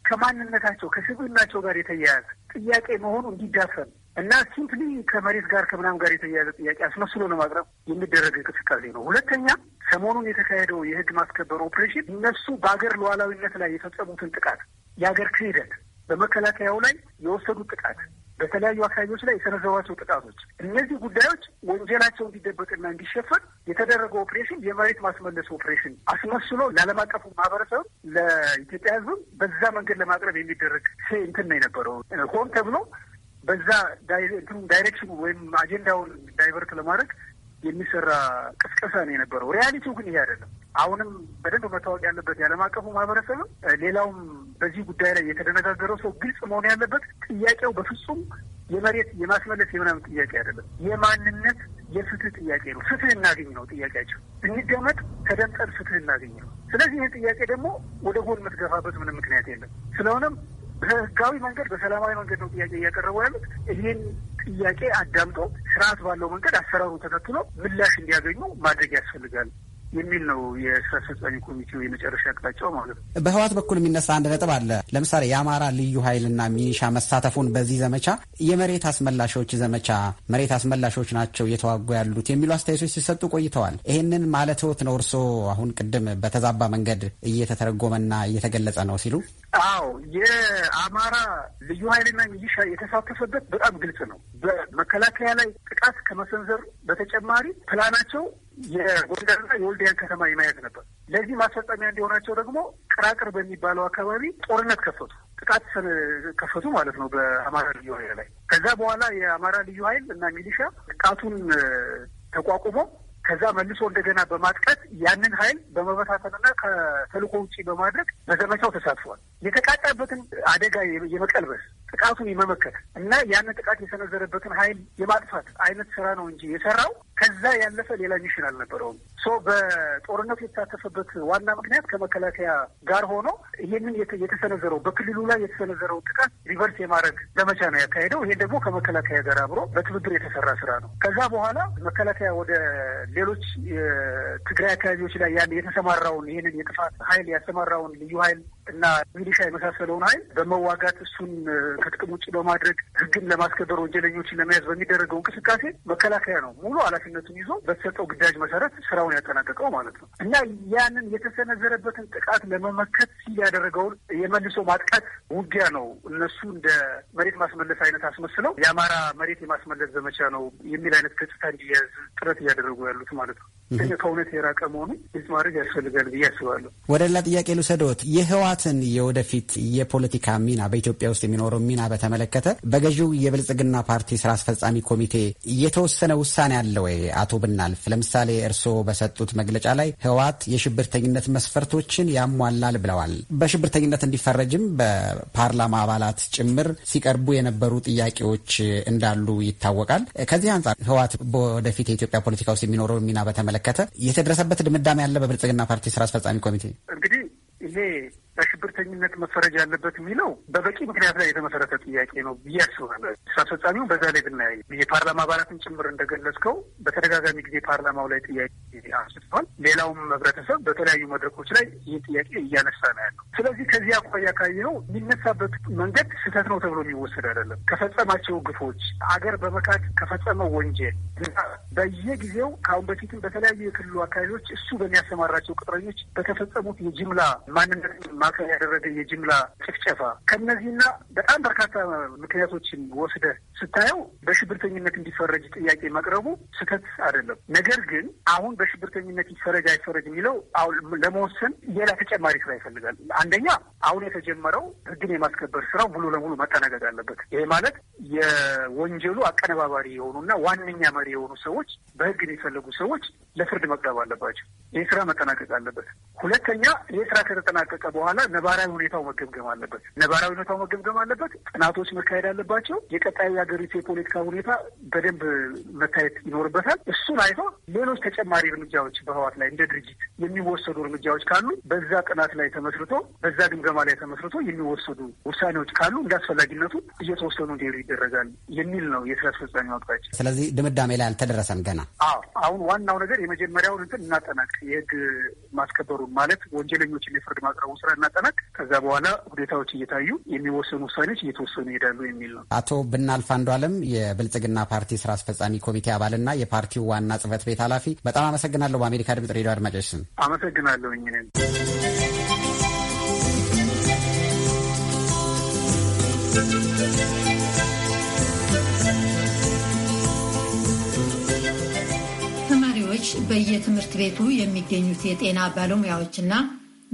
S2: ከማንነታቸው ከስብናቸው ጋር የተያያዘ ጥያቄ መሆኑ እንዲዳፈን እና ሲምፕሊ ከመሬት ጋር ከምናም ጋር የተያያዘ ጥያቄ አስመስሎ ለማቅረብ የሚደረግ እንቅስቃሴ ነው። ሁለተኛ ሰሞኑን የተካሄደው የህግ ማስከበር ኦፕሬሽን እነሱ በሀገር ሉዓላዊነት ላይ የፈጸሙትን ጥቃት የሀገር ክህደት በመከላከያው ላይ የወሰዱት ጥቃት በተለያዩ አካባቢዎች ላይ የሰነዘሯቸው ጥቃቶች፣ እነዚህ ጉዳዮች ወንጀላቸው እንዲደበቅና እንዲሸፈን የተደረገው ኦፕሬሽን የመሬት ማስመለስ ኦፕሬሽን አስመስሎ ለዓለም አቀፉ ማህበረሰብ ለኢትዮጵያ ሕዝብም በዛ መንገድ ለማቅረብ የሚደረግ እንትን ነው የነበረው። ሆን ተብሎ በዛ ዳይሬክሽኑ ወይም አጀንዳውን ዳይቨርት ለማድረግ የሚሰራ ቅስቀሳ ነው የነበረው። ሪያሊቲው ግን ይሄ አይደለም። አሁንም በደንብ መታወቅ ያለበት የዓለም አቀፉ ማህበረሰብም ሌላውም በዚህ ጉዳይ ላይ የተደነጋገረው ሰው ግልጽ መሆን ያለበት ጥያቄው በፍጹም የመሬት የማስመለስ የምናምን ጥያቄ አይደለም። የማንነት የፍትህ ጥያቄ ነው። ፍትህ እናገኝ ነው ጥያቄያቸው። እንደመጥ ተደምጠን ፍትህ እናገኝ ነው። ስለዚህ ይህን ጥያቄ ደግሞ ወደ ጎን የምትገፋበት ምንም ምክንያት የለም። ስለሆነም በህጋዊ መንገድ በሰላማዊ መንገድ ነው ጥያቄ እያቀረቡ ያሉት። ይህን ጥያቄ አዳምጦ ስርዓት ባለው መንገድ አሰራሩ ተከትሎ ምላሽ እንዲያገኙ ማድረግ ያስፈልጋል። የሚል ነው የስራ አስፈጻሚ ኮሚቴው የመጨረሻ አቅጣጫው ማለት ነው።
S5: በህዋት በኩል የሚነሳ አንድ ነጥብ አለ። ለምሳሌ የአማራ ልዩ ኃይልና ሚኒሻ መሳተፉን በዚህ ዘመቻ የመሬት አስመላሾች ዘመቻ መሬት አስመላሾች ናቸው እየተዋጉ ያሉት የሚሉ አስተያየቶች ሲሰጡ ቆይተዋል። ይህንን ማለት ነው እርሶ አሁን ቅድም በተዛባ መንገድ እየተተረጎመና እየተገለጸ ነው ሲሉ
S2: አዎ የአማራ ልዩ ኃይልና ሚሊሻ የተሳተፈበት በጣም ግልጽ ነው። በመከላከያ ላይ ጥቃት ከመሰንዘር በተጨማሪ ፕላናቸው የጎንደርና የወልዲያን ከተማ የማየት ነበር። ለዚህ ማስፈጸሚያ እንዲሆናቸው ደግሞ ቅራቅር በሚባለው አካባቢ ጦርነት ከፈቱ፣ ጥቃት ከፈቱ ማለት ነው በአማራ ልዩ ኃይል ላይ። ከዛ በኋላ የአማራ ልዩ ኃይል እና ሚሊሻ ጥቃቱን ተቋቁሞ ከዛ መልሶ እንደገና በማጥቀት ያንን ኃይል በመበታተንና ከተልእኮ ውጪ በማድረግ በዘመቻው ተሳትፏል። የተቃጣበትን አደጋ የመቀልበስ ጥቃቱን የመመከት እና ያንን ጥቃት የሰነዘረበትን ኃይል የማጥፋት አይነት ስራ ነው እንጂ የሰራው ከዛ ያለፈ ሌላ ሚሽን አልነበረውም። ሶ በጦርነቱ የተሳተፈበት ዋና ምክንያት ከመከላከያ ጋር ሆኖ ይህንን የተሰነዘረው በክልሉ ላይ የተሰነዘረው ጥቃት ሪቨርስ የማድረግ ዘመቻ ነው ያካሄደው። ይሄ ደግሞ ከመከላከያ ጋር አብሮ በትብብር የተሰራ ስራ ነው። ከዛ በኋላ መከላከያ ወደ ሌሎች ትግራይ አካባቢዎች ላይ ያን የተሰማራውን ይህንን የጥፋት ኃይል ያሰማራውን ልዩ ኃይል እና ሚሊሻ የመሳሰለውን ኃይል በመዋጋት እሱን ከጥቅም ውጭ በማድረግ ህግን ለማስከበር ወንጀለኞችን ለመያዝ በሚደረገው እንቅስቃሴ መከላከያ ነው ሙሉ ኃላፊነቱን ይዞ በተሰጠው ግዳጅ መሰረት ስራውን ያጠናቀቀው ማለት ነው እና ያንን የተሰነዘረበትን ጥቃት ለመመከት ሲል ያደረገውን የመልሶ ማጥቃት ውጊያ ነው እነሱ እንደ መሬት ማስመለስ አይነት አስመስለው የአማራ መሬት የማስመለስ ዘመቻ ነው የሚል አይነት ገጽታ እንዲያዝ ጥረት እያደረጉ ያሉት ማለት ነው። ከእውነት የራቀ መሆኑን ግልጽ ማድረግ ያስፈልጋል ብዬ አስባለሁ።
S5: ወደ ሌላ ጥያቄ ልውሰድዎት የህዋ የህወሀትን የወደፊት የፖለቲካ ሚና በኢትዮጵያ ውስጥ የሚኖረው ሚና በተመለከተ በገዢው የብልጽግና ፓርቲ ስራ አስፈጻሚ ኮሚቴ የተወሰነ ውሳኔ አለ ወይ? አቶ ብናልፍ፣ ለምሳሌ እርስዎ በሰጡት መግለጫ ላይ ህወሀት የሽብርተኝነት መስፈርቶችን ያሟላል ብለዋል። በሽብርተኝነት እንዲፈረጅም በፓርላማ አባላት ጭምር ሲቀርቡ የነበሩ ጥያቄዎች እንዳሉ ይታወቃል። ከዚህ አንጻር ህወሀት በወደፊት የኢትዮጵያ ፖለቲካ ውስጥ የሚኖረው ሚና በተመለከተ የተደረሰበት ድምዳሜ ያለ በብልጽግና ፓርቲ ስራ አስፈጻሚ ኮሚቴ
S2: እንግዲህ ይሄ በሽብርተኝነት መፈረጅ ያለበት የሚለው በበቂ ምክንያት ላይ የተመሰረተ ጥያቄ ነው ብዬ አስባለሁ። ስራ አስፈጻሚው በዛ ላይ ብናያይ የፓርላማ አባላትን ጭምር እንደገለጽከው በተደጋጋሚ ጊዜ ፓርላማው ላይ ጥያቄ አንስተዋል። ሌላውም ህብረተሰብ በተለያዩ መድረኮች ላይ ይህ ጥያቄ እያነሳ ነው ያለው። ስለዚህ ከዚህ አኳያ ካየኸው የሚነሳበት መንገድ ስህተት ነው ተብሎ የሚወሰድ አይደለም። ከፈጸማቸው ግፎች፣ አገር በመካት ከፈጸመው ወንጀል በየጊዜው ከአሁን በፊትም በተለያዩ የክልሉ አካባቢዎች እሱ በሚያሰማራቸው ቅጥረኞች በተፈጸሙት የጅምላ ማንነት ማዕከል ያደረገ የጅምላ ጭፍጨፋ ከነዚህና በጣም በርካታ ምክንያቶችን ወስደ ስታየው በሽብርተኝነት እንዲፈረጅ ጥያቄ መቅረቡ ስህተት አይደለም። ነገር ግን አሁን በሽብርተኝነት ይፈረጅ አይፈረጅ የሚለው አሁን ለመወሰን ሌላ ተጨማሪ ስራ ይፈልጋል። አንደኛ አሁን የተጀመረው ህግን የማስከበር ስራው ሙሉ ለሙሉ መጠናቀቅ አለበት። ይሄ ማለት የወንጀሉ አቀነባባሪ የሆኑና ዋነኛ መሪ የሆኑ ሰዎች፣ በህግ የሚፈለጉ ሰዎች ለፍርድ መቅረብ አለባቸው። ይህ ስራ መጠናቀቅ አለበት። ሁለተኛ ይህ ስራ ከተጠናቀቀ በኋላ በኋላ ነባራዊ ሁኔታው መገምገም አለበት። ነባራዊ ሁኔታው መገምገም አለበት። ጥናቶች መካሄድ አለባቸው። የቀጣዩ የሀገሪቱ የፖለቲካ ሁኔታ በደንብ መታየት ይኖርበታል። እሱን አይቶ ሌሎች ተጨማሪ እርምጃዎች በህዋት ላይ እንደ ድርጅት የሚወሰዱ እርምጃዎች ካሉ በዛ ጥናት ላይ ተመስርቶ በዛ ግምገማ ላይ ተመስርቶ የሚወሰዱ ውሳኔዎች ካሉ እንደ አስፈላጊነቱ እየተወሰኑ እንዲሄዱ ይደረጋል የሚል ነው የስራ አስፈጻሚ አቅጣጫ።
S5: ስለዚህ ድምዳሜ ላይ አልተደረሰም ገና።
S2: አዎ አሁን ዋናው ነገር የመጀመሪያውን እንትን እናጠናቅ፣ የህግ ማስከበሩን ማለት ወንጀለኞችን የፍርድ ማቅረቡ ስራ ለማጠናቅ ከዛ በኋላ ሁኔታዎች እየታዩ የሚወሰኑ ውሳኔዎች እየተወሰኑ ይሄዳሉ የሚል ነው።
S5: አቶ ብናልፍ አንዱ አለም የብልጽግና ፓርቲ ስራ አስፈጻሚ ኮሚቴ አባልና የፓርቲው ዋና ጽህፈት ቤት ኃላፊ በጣም አመሰግናለሁ። በአሜሪካ ድምጽ ሬዲዮ አድማጮች ስም
S6: አመሰግናለሁ። እኝንም
S1: ተማሪዎች በየትምህርት ቤቱ የሚገኙት የጤና ባለሙያዎችና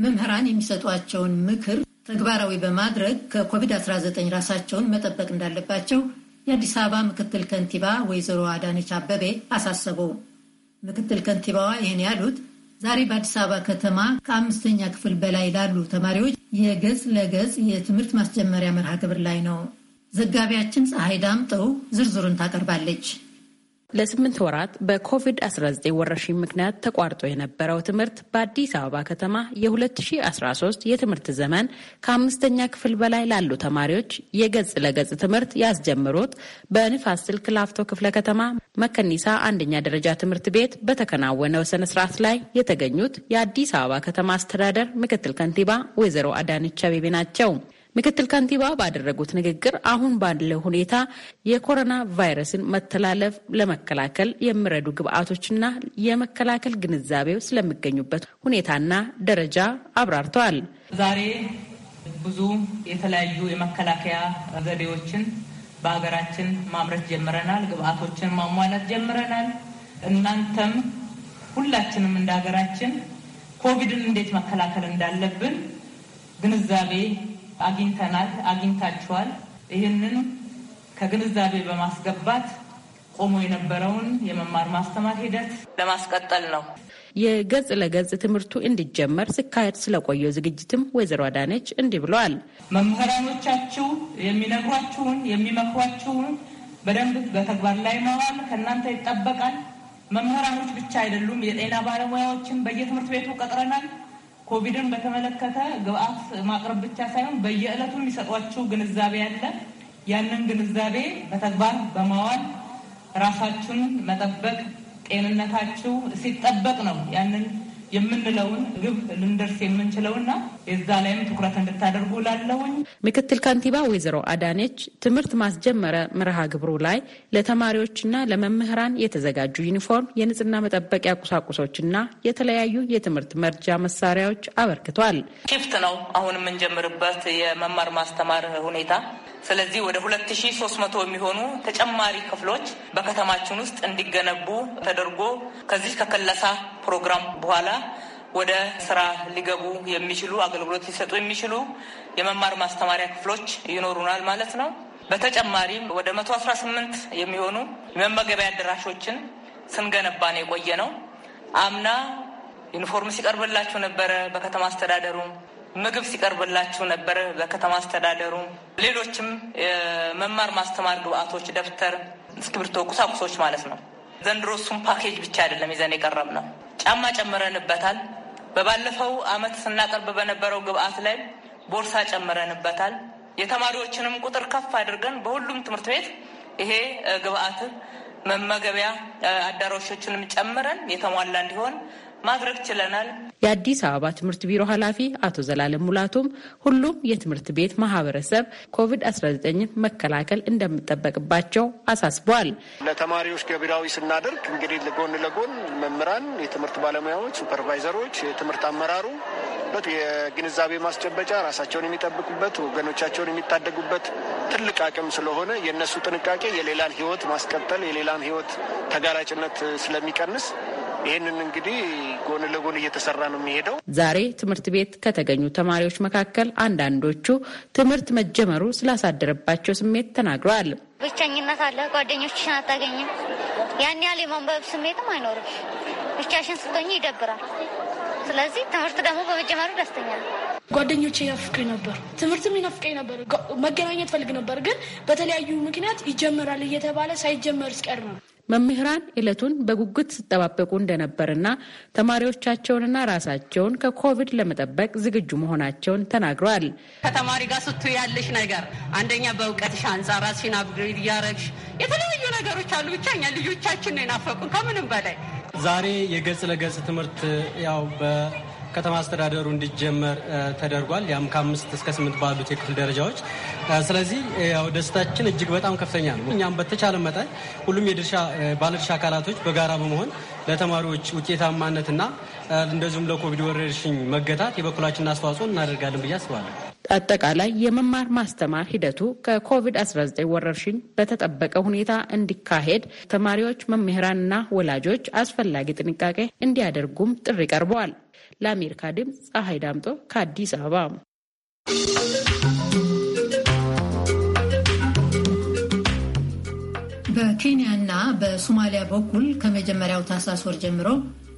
S1: መምህራን የሚሰጧቸውን ምክር ተግባራዊ በማድረግ ከኮቪድ-19 ራሳቸውን መጠበቅ እንዳለባቸው የአዲስ አበባ ምክትል ከንቲባ ወይዘሮ አዳነች አበቤ አሳሰቡ። ምክትል ከንቲባዋ ይህን ያሉት ዛሬ በአዲስ አበባ ከተማ ከአምስተኛ ክፍል በላይ ላሉ ተማሪዎች የገጽ ለገጽ የትምህርት ማስጀመሪያ መርሃ ግብር ላይ ነው። ዘጋቢያችን ፀሐይ ዳምጠው ዝርዝሩን ታቀርባለች። ለስምንት ወራት
S8: በኮቪድ-19 ወረርሽኝ ምክንያት ተቋርጦ የነበረው ትምህርት በአዲስ አበባ ከተማ የ2013 የትምህርት ዘመን ከአምስተኛ ክፍል በላይ ላሉ ተማሪዎች የገጽ ለገጽ ትምህርት ያስጀምሩት በንፋስ ስልክ ላፍቶ ክፍለ ከተማ መከኒሳ አንደኛ ደረጃ ትምህርት ቤት በተከናወነው ስነ ስርዓት ላይ የተገኙት የአዲስ አበባ ከተማ አስተዳደር ምክትል ከንቲባ ወይዘሮ አዳነች አቤቤ ናቸው። ምክትል ከንቲባ ባደረጉት ንግግር አሁን ባለው ሁኔታ የኮሮና ቫይረስን መተላለፍ ለመከላከል የሚረዱ ግብአቶችና የመከላከል ግንዛቤው ስለሚገኙበት ሁኔታና ደረጃ አብራርተዋል።
S9: ዛሬ ብዙ የተለያዩ የመከላከያ ዘዴዎችን በሀገራችን ማምረት ጀምረናል። ግብአቶችን ማሟላት ጀምረናል። እናንተም ሁላችንም እንደ ሀገራችን ኮቪድን እንዴት መከላከል እንዳለብን ግንዛቤ አግኝተናል፣ አግኝታችኋል። ይህንን ከግንዛቤ በማስገባት ቆሞ የነበረውን የመማር ማስተማር ሂደት ለማስቀጠል ነው።
S8: የገጽ ለገጽ ትምህርቱ እንዲጀመር ሲካሄድ ስለቆየው ዝግጅትም ወይዘሮ አዳነች እንዲህ ብለዋል።
S9: መምህራኖቻችሁ የሚነግሯችሁን የሚመክሯችሁን በደንብ በተግባር ላይ መዋል ከእናንተ ይጠበቃል። መምህራኖች ብቻ አይደሉም፣ የጤና ባለሙያዎችን በየትምህርት ቤቱ ቀጥረናል። ኮቪድን በተመለከተ ግብአት ማቅረብ ብቻ ሳይሆን በየዕለቱ የሚሰጧቸው ግንዛቤ አለ። ያንን ግንዛቤ በተግባር በማዋል ራሳችሁን መጠበቅ ጤንነታችሁ ሲጠበቅ ነው ያንን የምንለውን ግብ ልንደርስ የምንችለውና የዛ ላይም ትኩረት እንድታደርጉ ላለሁኝ
S8: ምክትል ከንቲባ ወይዘሮ አዳነች ትምህርት ማስጀመረ መርሃ ግብሩ ላይ ለተማሪዎችና ለመምህራን የተዘጋጁ ዩኒፎርም፣ የንጽህና መጠበቂያ ቁሳቁሶችና የተለያዩ የትምህርት መርጃ መሳሪያዎች አበርክቷል።
S9: ሽፍት ነው አሁን የምንጀምርበት የመማር ማስተማር ሁኔታ። ስለዚህ ወደ ሁለት ሺ ሶስት መቶ የሚሆኑ ተጨማሪ ክፍሎች በከተማችን ውስጥ እንዲገነቡ ተደርጎ ከዚህ ከከለሳ ፕሮግራም በኋላ ወደ ስራ ሊገቡ የሚችሉ አገልግሎት ሊሰጡ የሚችሉ የመማር ማስተማሪያ ክፍሎች ይኖሩናል ማለት ነው። በተጨማሪም ወደ መቶ አስራ ስምንት የሚሆኑ የመመገቢያ አዳራሾችን ስንገነባን የቆየ ነው። አምና ዩኒፎርም ሲቀርብላችሁ ነበረ በከተማ አስተዳደሩ ምግብ ሲቀርብላችሁ ነበረ በከተማ አስተዳደሩ። ሌሎችም የመማር ማስተማር ግብአቶች ደብተር፣ እስክሪብቶ፣ ቁሳቁሶች ማለት ነው። ዘንድሮ እሱም ፓኬጅ ብቻ አይደለም ይዘን የቀረብ ነው። ጫማ ጨምረንበታል። በባለፈው አመት ስናቀርብ በነበረው ግብአት ላይ ቦርሳ ጨምረንበታል። የተማሪዎችንም ቁጥር ከፍ አድርገን በሁሉም ትምህርት ቤት ይሄ ግብአት መመገቢያ አዳራሾችንም ጨምረን የተሟላ እንዲሆን ማድረግ ችለናል።
S8: የአዲስ አበባ ትምህርት ቢሮ ኃላፊ አቶ ዘላለም ሙላቱም ሁሉም የትምህርት ቤት ማህበረሰብ ኮቪድ-19 መከላከል እንደሚጠበቅባቸው አሳስቧል።
S2: ለተማሪዎች ገቢራዊ ስናደርግ እንግዲህ ጎን ለጎን መምህራን፣ የትምህርት ባለሙያዎች፣ ሱፐርቫይዘሮች፣ የትምህርት አመራሩ የግንዛቤ ማስጨበጫ ራሳቸውን የሚጠብቁበት ወገኖቻቸውን የሚታደጉበት ትልቅ አቅም ስለሆነ የእነሱ ጥንቃቄ የሌላን ህይወት ማስቀጠል የሌላን ህይወት ተጋላጭነት ስለሚቀንስ ይህንን እንግዲህ ጎን ለጎን እየተሰራ ነው የሚሄደው።
S8: ዛሬ ትምህርት ቤት ከተገኙ ተማሪዎች መካከል አንዳንዶቹ ትምህርት መጀመሩ ስላሳደረባቸው ስሜት ተናግረዋል።
S6: ብቸኝነት አለ፣ ጓደኞችሽን አታገኝም። ያን ያህል የማንበብ
S10: ስሜትም አይኖርም። ብቻሽን ስትሆኚ ይደብራል። ስለዚህ ትምህርት ደግሞ በመጀመሩ ደስተኛ ነው። ጓደኞቼ ይናፍቀኝ ነበር፣ ትምህርትም ይናፍቀኝ ነበር። መገናኘት ፈልግ ነበር፣ ግን በተለያዩ ምክንያት ይጀመራል እየተባለ ሳይጀመር እስቀር ነው።
S8: መምህራን ዕለቱን በጉጉት ሲጠባበቁ እንደነበርና ተማሪዎቻቸውንና ራሳቸውን ከኮቪድ ለመጠበቅ ዝግጁ መሆናቸውን ተናግረዋል።
S4: ከተማሪ ጋር ስቱ ያለሽ ነገር አንደኛ በእውቀትሽ አንጻር ራስሽን አፕግሬድ እያረግሽ የተለያዩ ነገሮች አሉ። ብቻ እኛ ልጆቻችን ነው የናፈቁን ከምንም
S3: በላይ
S5: ዛሬ የገጽ ለገጽ ትምህርት ያው ከተማ አስተዳደሩ እንዲጀመር ተደርጓል። ያም ከአምስት እስከ ስምንት ባሉት የክፍል ደረጃዎች። ስለዚህ ያው ደስታችን እጅግ በጣም ከፍተኛ ነው። እኛም በተቻለ መጠን ሁሉም ባለድርሻ አካላቶች በጋራ በመሆን ለተማሪዎች ውጤታማነትና እንደዚሁም ለኮቪድ ወረርሽኝ መገታት የበኩላችንን አስተዋጽኦ እናደርጋለን ብዬ አስባለሁ።
S8: አጠቃላይ የመማር ማስተማር ሂደቱ ከኮቪድ-19 ወረርሽኝ በተጠበቀ ሁኔታ እንዲካሄድ ተማሪዎች፣ መምህራንና ወላጆች አስፈላጊ ጥንቃቄ እንዲያደርጉም ጥሪ ቀርበዋል። ለአሜሪካ ድምፅ ፀሐይ ዳምጦ ከአዲስ አበባ።
S1: በኬንያና በሶማሊያ በኩል ከመጀመሪያው ታህሳስ ወር ጀምሮ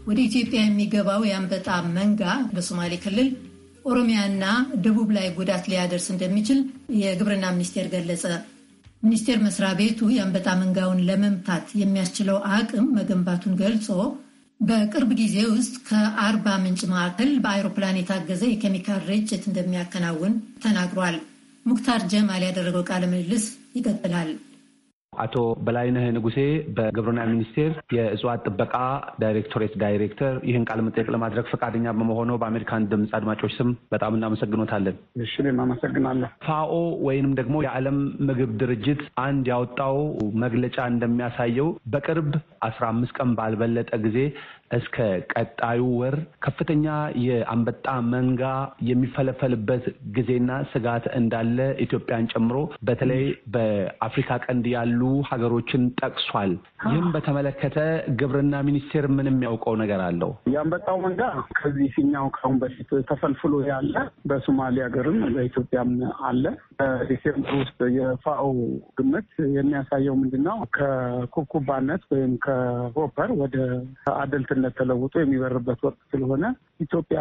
S1: ወደ ኢትዮጵያ የሚገባው የአንበጣ መንጋ በሶማሌ ክልል ኦሮሚያና ደቡብ ላይ ጉዳት ሊያደርስ እንደሚችል የግብርና ሚኒስቴር ገለጸ። ሚኒስቴር መስሪያ ቤቱ የአንበጣ መንጋውን ለመምታት የሚያስችለው አቅም መገንባቱን ገልጾ በቅርብ ጊዜ ውስጥ ከአርባ ምንጭ ማዕከል በአይሮፕላን የታገዘ የኬሚካል ርጭት እንደሚያከናውን ተናግሯል። ሙክታር ጀማል ያደረገው ቃለ ምልልስ ይቀጥላል።
S7: አቶ በላይነህ ንጉሴ በግብርና ሚኒስቴር የእጽዋት ጥበቃ ዳይሬክቶሬት ዳይሬክተር ይህን ቃለ መጠየቅ ለማድረግ ፈቃደኛ በመሆኑ በአሜሪካን ድምፅ አድማጮች ስም በጣም እናመሰግኖታለን። እሺ እናመሰግናለን። ፋኦ ወይንም ደግሞ የዓለም ምግብ ድርጅት አንድ ያወጣው መግለጫ እንደሚያሳየው በቅርብ አስራ አምስት ቀን ባልበለጠ ጊዜ እስከ ቀጣዩ ወር ከፍተኛ የአንበጣ መንጋ የሚፈለፈልበት ጊዜና ስጋት እንዳለ ኢትዮጵያን ጨምሮ በተለይ በአፍሪካ ቀንድ ያሉ ሀገሮችን ጠቅሷል። ይህም በተመለከተ ግብርና ሚኒስቴር ምን የሚያውቀው ነገር አለው?
S11: የአንበጣው መንጋ ከዚህ ፊኛው ከአሁን በፊት ተፈልፍሎ ያለ በሶማሌ ሀገርም በኢትዮጵያም አለ። በዲሴምበር ውስጥ የፋኦ ግምት የሚያሳየው ምንድነው ከኩብኩባነት ወይም ከሆፐር ወደ አደልትነት ወደባልነት ተለውጦ የሚበርበት ወቅት ስለሆነ ኢትዮጵያ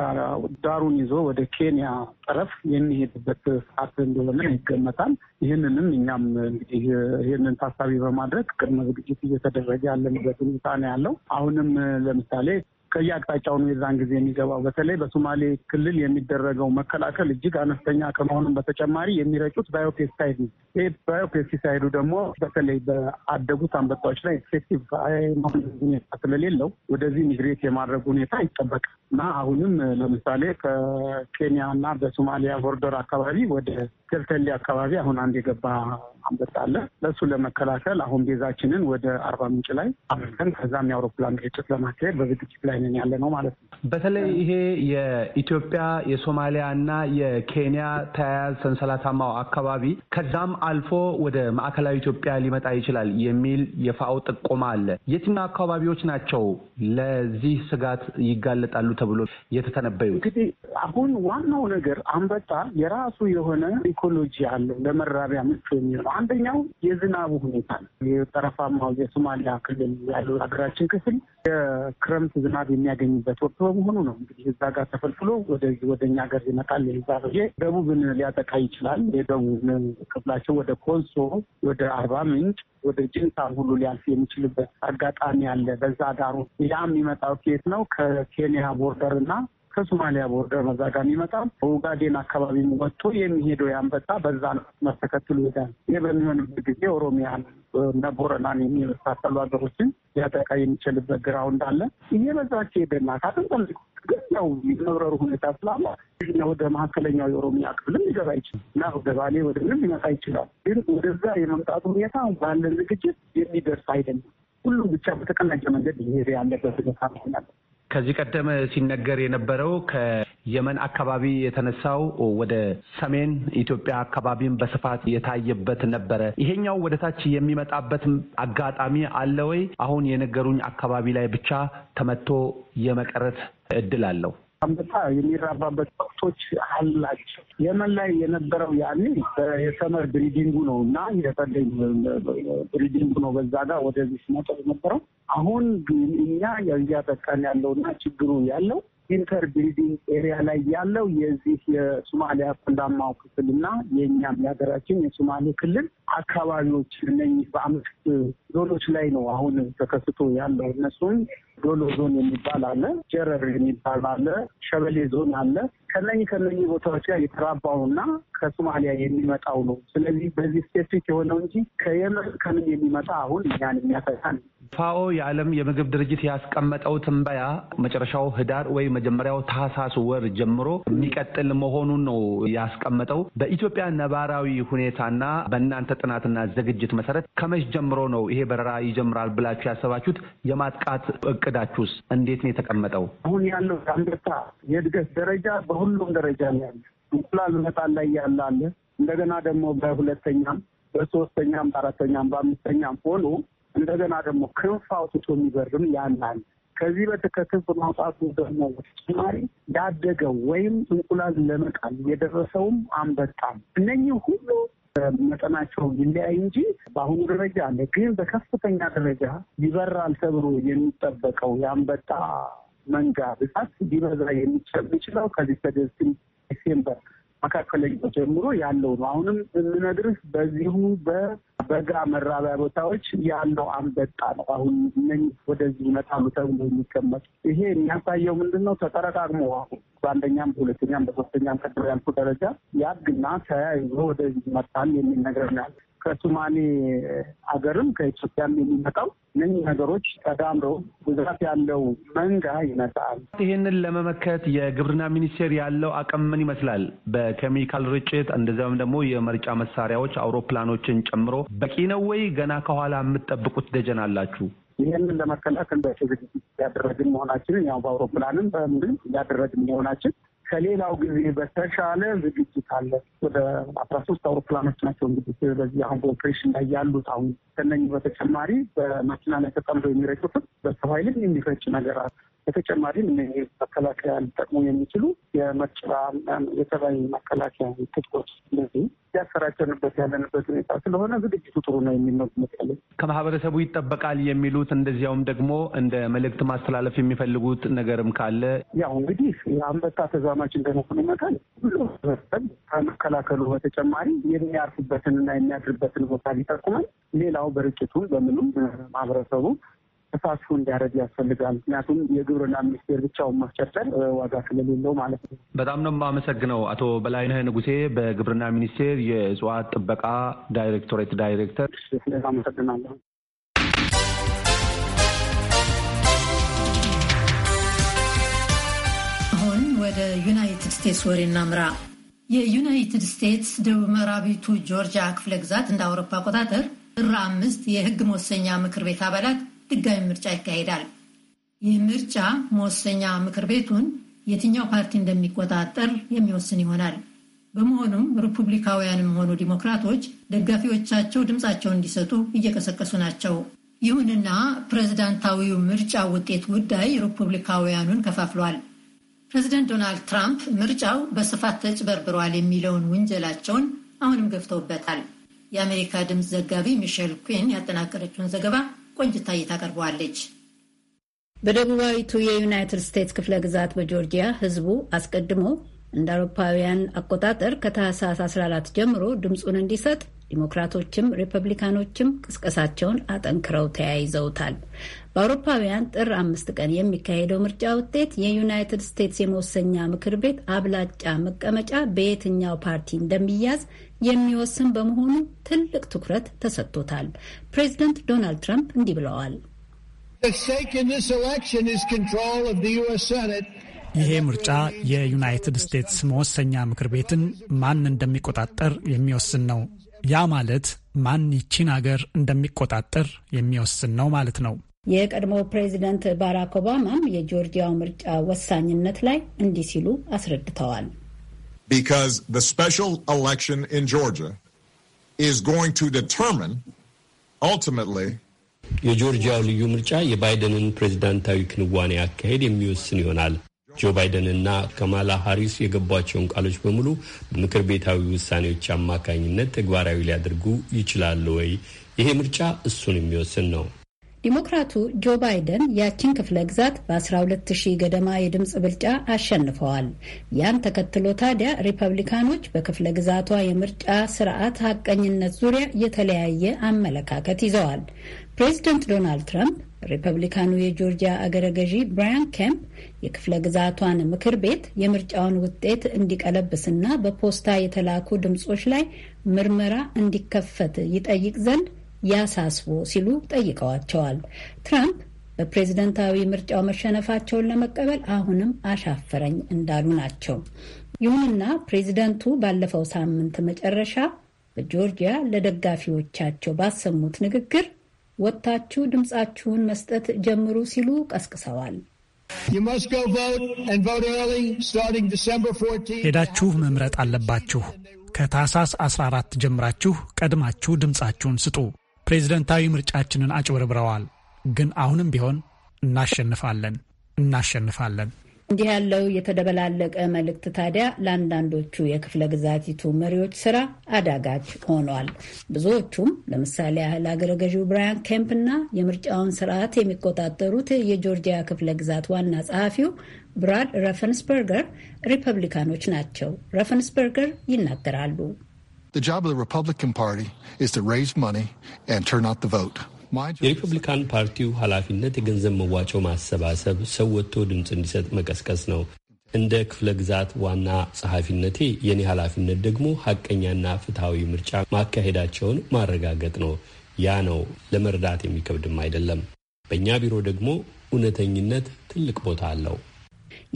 S11: ዳሩን ይዞ ወደ ኬንያ ጠረፍ የሚሄድበት ሰዓት እንደሆነ ይገመታል። ይህንንም እኛም እንግዲህ ይህንን ታሳቢ በማድረግ ቅድመ ዝግጅት እየተደረገ ያለንበት ሁኔታ ነው ያለው። አሁንም ለምሳሌ ከየአቅጣጫው ነው የዛን ጊዜ የሚገባው። በተለይ በሶማሌ ክልል የሚደረገው መከላከል እጅግ አነስተኛ ከመሆኑም በተጨማሪ የሚረጩት ባዮፔስቲሳይድ ነው። ይህ ባዮፔስቲሳይዱ ደግሞ በተለይ በአደጉት አንበጣዎች ላይ ኤፌክቲቭ መሆን ሁኔታ ስለሌለው ወደዚህ ሚግሬት የማድረግ ሁኔታ ይጠበቃል እና አሁንም ለምሳሌ ከኬንያ እና በሶማሊያ ቦርደር አካባቢ ወደ ቴልተሌ አካባቢ አሁን አንድ የገባ አንበጣ አለ። ለእሱ ለመከላከል አሁን ቤዛችንን ወደ አርባ ምንጭ ላይ አምርተን ከዛም የአውሮፕላን ርጭት ለማካሄድ በዝግጅት ላይ እየተገናኘን ያለ ነው ማለት
S7: ነው። በተለይ ይሄ የኢትዮጵያ የሶማሊያ እና የኬንያ ተያያዝ ሰንሰለታማው አካባቢ ከዛም አልፎ ወደ ማዕከላዊ ኢትዮጵያ ሊመጣ ይችላል የሚል የፋኦ ጥቆማ አለ። የትኛው አካባቢዎች ናቸው ለዚህ ስጋት ይጋለጣሉ ተብሎ የተተነበዩ? እንግዲህ አሁን
S11: ዋናው ነገር አንበጣ የራሱ የሆነ ኢኮሎጂ አለው ለመራቢያ ምቹ የሚሆነው አንደኛው የዝናቡ ሁኔታ ነው። የጠረፋማው የሶማሊያ ክልል ያለው ሀገራችን ክፍል የክረምት ዝናብ የሚያገኝበት ወቅት በመሆኑ ነው። እንግዲህ እዛ ጋር ተፈልፍሎ ወደዚህ ወደ እኛ ሀገር ይመጣል። የዛ ደቡብን ሊያጠቃ ይችላል። የደቡብ ክፍላቸው ወደ ኮንሶ፣ ወደ አርባ ምንጭ፣ ወደ ጅንሳ ሁሉ ሊያልፍ የሚችልበት አጋጣሚ አለ። በዛ ዳሩ ያም የሚመጣው ኬት ነው? ከኬንያ ቦርደር እና ከሶማሊያ ቦርደር መዛ ጋር በኡጋዴን አካባቢ ወጥቶ የሚሄደው ያንበጣ በዛ መስመር ተከትሎ ይሄዳል። ይህ በሚሆንበት ጊዜ ኦሮሚያን እና ቦረናን የሚመሳሰሉ ሀገሮችን ሊያጠቃ የሚችልበት ግራውንድ አለ። ይሄ በዛች ሄደና ካትን ግን ያው የመብረሩ ሁኔታ ስላለ ወደ መካከለኛው የኦሮሚያ ክፍልም ሊገባ ይችላል እና ወደ ባሌ ወደ ምንም ሊመጣ ይችላል። ግን ወደዛ የመምጣቱ ሁኔታ ባለን ዝግጅት የሚደርስ አይደለም። ሁሉም ብቻ በተቀናጀ መንገድ ይሄ ያለበት ሁኔታ ነው
S7: ከዚህ ቀደም ሲነገር የነበረው ከየመን አካባቢ የተነሳው ወደ ሰሜን ኢትዮጵያ አካባቢም በስፋት የታየበት ነበረ። ይሄኛው ወደ ታች የሚመጣበት አጋጣሚ አለ ወይ? አሁን የነገሩኝ አካባቢ ላይ ብቻ ተመቶ የመቀረት እድል አለው? አንበሳ የሚራባበት ወቅቶች አላቸው። የመን ላይ የነበረው ያኔ የሰመር ብሪዲንጉ ነው እና
S11: የጸደይ ብሪዲንጉ ነው በዛ ጋር ወደዚህ ሲመጣ የነበረው አሁን እኛ እያጠቃን ያለውና ችግሩ ያለው ኢንተር ቢልዲንግ ኤሪያ ላይ ያለው የዚህ የሶማሊያ ቆላማው ክፍል እና የእኛም የሀገራችን የሶማሌ ክልል አካባቢዎች እነኚህ በአምስት ዞኖች ላይ ነው አሁን ተከስቶ ያለው። እነሱም ዶሎ ዞን የሚባል አለ፣ ጀረር የሚባል አለ፣ ሸበሌ ዞን አለ ከነኝ ከነኝ ቦታዎች ጋር የተራባውና ከሶማሊያ የሚመጣው ነው። ስለዚህ በዚህ ስፔሲፊክ የሆነው እንጂ ከየመን ከምን የሚመጣ አሁን እኛን የሚያፈታን
S7: ፋኦ የዓለም የምግብ ድርጅት ያስቀመጠው ትንበያ መጨረሻው ህዳር ወይ መጀመሪያው ታህሳስ ወር ጀምሮ የሚቀጥል መሆኑን ነው ያስቀመጠው። በኢትዮጵያ ነባራዊ ሁኔታና በእናንተ ጥናትና ዝግጅት መሰረት ከመች ጀምሮ ነው ይሄ በረራ ይጀምራል ብላችሁ ያሰባችሁት? የማጥቃት እቅዳችሁስ እንዴት ነው የተቀመጠው?
S11: አሁን ያለው አንበጣ የእድገት ደረጃ በሁሉም ደረጃ ላይ ያለ። እንቁላል መጣል ላይ ያለ አለ። እንደገና ደግሞ በሁለተኛም በሶስተኛም በአራተኛም በአምስተኛም ሆኖ እንደገና ደግሞ ክንፍ አውጥቶ የሚበርም አለ። ከዚህ በተከክፍ ማውጣቱ ደግሞ በተጨማሪ ያደገው ወይም እንቁላል ለመጣል የደረሰውም አንበጣም እነኚህ ሁሉ መጠናቸው ይለያይ እንጂ በአሁኑ ደረጃ አለ። ግን በከፍተኛ ደረጃ ይበራል ተብሎ የሚጠበቀው የአንበጣ መንጋ ብዛት ሊበዛ የሚችለው ከዚህ ከደስም ዲሴምበር መካከለኛው ጀምሮ ያለው ነው። አሁንም የምነግርህ በዚሁ በበጋ መራቢያ ቦታዎች ያለው አንበጣ ነው። አሁን ምን ወደዚህ ይመጣሉ ተብሎ የሚቀመጡ ይሄ የሚያሳየው ምንድን ነው? ተጠረቃቅሞ አሁን በአንደኛም በሁለተኛም በሶስተኛም ቀጥሎ ያልኩ ደረጃ ያድግና ተያይዞ ወደዚህ ይመጣል የሚል ነገር ነው ያለ ከሱማሌ አገርም ከኢትዮጵያም የሚመጣው እነዚህ ነገሮች ተዳምረው
S7: ብዛት ያለው መንጋ ይመጣል። ይህንን ለመመከት የግብርና ሚኒስቴር ያለው አቅም ምን ይመስላል? በኬሚካል ርጭት እንደዚያም ደግሞ የመርጫ መሳሪያዎች አውሮፕላኖችን ጨምሮ በቂ ነው ወይ? ገና ከኋላ የምትጠብቁት ደጀን አላችሁ?
S11: ይህንን ለመከላከል በሽግግ እያደረግን መሆናችንን ያው በአውሮፕላንም በምድር እያደረግን መሆናችን ከሌላው ጊዜ በተሻለ ዝግጅት አለ። ወደ አስራ ሶስት አውሮፕላኖች ናቸው እንግዲህ በዚህ አሁን በኦፕሬሽን ላይ ያሉት። አሁን ከነኝ በተጨማሪ በመኪና ላይ ተጠምዶ የሚረጩትም በሰው ኃይልም የሚፈጭ ነገር አለ። በተጨማሪም እነዚህ መከላከያ ሊጠቅሙ የሚችሉ የመርጭራ የተባይ መከላከያ ትጦች እንደዚህ ያሰራጨንበት ያለንበት ሁኔታ ስለሆነ ዝግጅቱ ጥሩ ነው የሚል ነው
S7: ከማህበረሰቡ ይጠበቃል የሚሉት እንደዚያውም ደግሞ እንደ መልእክት ማስተላለፍ የሚፈልጉት ነገርም ካለ
S11: ያው እንግዲህ የአንበጣ ተዛማች እንደመሆኑ መጠን ሁሉ ህብረተሰብ ከመከላከሉ በተጨማሪ የሚያርፉበትንና የሚያድርበትን ቦታ ሊጠቁመን ሌላው በርጭቱን በምኑም ማህበረሰቡ ተሳትፎ እንዲያደርግ ያስፈልጋል። ምክንያቱም የግብርና ሚኒስቴር ብቻውን ማስቸርጨር ዋጋ ስለሌለው ማለት ነው።
S7: በጣም ነው የማመሰግነው አቶ በላይነህ ንጉሴ በግብርና ሚኒስቴር የእጽዋት ጥበቃ ዳይሬክቶሬት ዳይሬክተር። አመሰግናለሁ።
S1: አሁን ወደ ዩናይትድ ስቴትስ ወሬ እናምራ። የዩናይትድ ስቴትስ ደቡብ ምዕራቢቱ ጆርጂያ ክፍለ ግዛት እንደ አውሮፓ አቆጣጠር ጥር አምስት የህግ መወሰኛ ምክር ቤት አባላት ድጋሚ ምርጫ ይካሄዳል። ይህ ምርጫ መወሰኛ ምክር ቤቱን የትኛው ፓርቲ እንደሚቆጣጠር የሚወስን ይሆናል። በመሆኑም ሪፑብሊካውያንም ሆኑ ዲሞክራቶች ደጋፊዎቻቸው ድምፃቸውን እንዲሰጡ እየቀሰቀሱ ናቸው። ይሁንና ፕሬዝዳንታዊው ምርጫ ውጤት ጉዳይ ሪፑብሊካውያኑን ከፋፍሏል። ፕሬዚደንት ዶናልድ ትራምፕ ምርጫው በስፋት ተጭበርብሯል የሚለውን ውንጀላቸውን አሁንም ገፍተውበታል። የአሜሪካ ድምፅ ዘጋቢ ሚሼል ኩን ያጠናቀረችውን ዘገባ ቆንጅታዬ ታቀርበዋለች።
S12: በደቡባዊቱ የዩናይትድ ስቴትስ ክፍለ ግዛት በጆርጂያ ህዝቡ አስቀድሞ እንደ አውሮፓውያን አቆጣጠር ከታህሳስ 14 ጀምሮ ድምፁን እንዲሰጥ ዲሞክራቶችም ሪፐብሊካኖችም ቅስቀሳቸውን አጠንክረው ተያይዘውታል። በአውሮፓውያን ጥር አምስት ቀን የሚካሄደው ምርጫ ውጤት የዩናይትድ ስቴትስ የመወሰኛ ምክር ቤት አብላጫ መቀመጫ በየትኛው ፓርቲ እንደሚያዝ የሚወስን በመሆኑ ትልቅ ትኩረት ተሰጥቶታል። ፕሬዚደንት ዶናልድ ትራምፕ እንዲህ ብለዋል።
S13: ይሄ ምርጫ የዩናይትድ ስቴትስ መወሰኛ ምክር ቤትን ማን እንደሚቆጣጠር የሚወስን ነው። ያ ማለት ማን ይቺን አገር እንደሚቆጣጠር የሚወስን ነው ማለት ነው።
S12: የቀድሞው ፕሬዚደንት ባራክ ኦባማም የጆርጂያው ምርጫ ወሳኝነት ላይ እንዲህ ሲሉ አስረድተዋል።
S3: ቢካዝ ዘ ስፔሻል ኤሌክሽን ቱ ዲተርሚን ኡልቲሜትሊ የጆርጂያው ልዩ ምርጫ የባይደንን ፕሬዚዳንታዊ ክንዋኔ አካሄድ የሚወስን ይሆናል። ጆ ባይደንና ከማላ ሀሪስ የገቧቸውን ቃሎች በሙሉ በምክር ቤታዊ ውሳኔዎች አማካኝነት ተግባራዊ ሊያደርጉ ይችላሉ ወይ? ይሄ ምርጫ እሱን የሚወስን ነው።
S12: ዲሞክራቱ ጆ ባይደን ያቺን ክፍለ ግዛት በ12000 ገደማ የድምፅ ብልጫ አሸንፈዋል። ያን ተከትሎ ታዲያ ሪፐብሊካኖች በክፍለ ግዛቷ የምርጫ ስርዓት ሀቀኝነት ዙሪያ የተለያየ አመለካከት ይዘዋል። ፕሬዚደንት ዶናልድ ትራምፕ ሪፐብሊካኑ የጆርጂያ አገረ ገዢ ብራያን ኬምፕ የክፍለ ግዛቷን ምክር ቤት የምርጫውን ውጤት እንዲቀለብስና በፖስታ የተላኩ ድምጾች ላይ ምርመራ እንዲከፈት ይጠይቅ ዘንድ ያሳስቦ ሲሉ ጠይቀዋቸዋል። ትራምፕ በፕሬዝደንታዊ ምርጫው መሸነፋቸውን ለመቀበል አሁንም አሻፈረኝ እንዳሉ ናቸው። ይሁንና ፕሬዝደንቱ ባለፈው ሳምንት መጨረሻ በጆርጂያ ለደጋፊዎቻቸው ባሰሙት ንግግር ወጥታችሁ ድምፃችሁን መስጠት ጀምሩ ሲሉ ቀስቅሰዋል።
S13: ሄዳችሁ መምረጥ አለባችሁ። ከታህሳስ 14 ጀምራችሁ ቀድማችሁ ድምፃችሁን ስጡ። ፕሬዝደንታዊ ምርጫችንን አጭበርብረዋል፣ ግን አሁንም ቢሆን እናሸንፋለን፣ እናሸንፋለን።
S12: እንዲህ ያለው የተደበላለቀ መልእክት ታዲያ ለአንዳንዶቹ የክፍለ ግዛቲቱ መሪዎች ስራ አዳጋች ሆኗል። ብዙዎቹም ለምሳሌ ያህል አገረ ገዢው ብራያን ኬምፕ እና የምርጫውን ስርዓት የሚቆጣጠሩት የጆርጂያ ክፍለ ግዛት ዋና ጸሐፊው ብራድ ረፈንስበርገር ሪፐብሊካኖች ናቸው። ረፈንስበርገር ይናገራሉ። The job of the Republican Party is to raise money and turn out the vote.
S3: የሪፐብሊካን ፓርቲው ኃላፊነት የገንዘብ መዋጮ ማሰባሰብ፣ ሰው ወጥቶ ድምፅ እንዲሰጥ መቀስቀስ ነው። እንደ ክፍለ ግዛት ዋና ጸሐፊነቴ የኔ ኃላፊነት ደግሞ ሀቀኛና ፍትሐዊ ምርጫ ማካሄዳቸውን ማረጋገጥ ነው። ያ ነው ለመርዳት የሚከብድም አይደለም። በእኛ ቢሮ ደግሞ እውነተኝነት ትልቅ ቦታ አለው።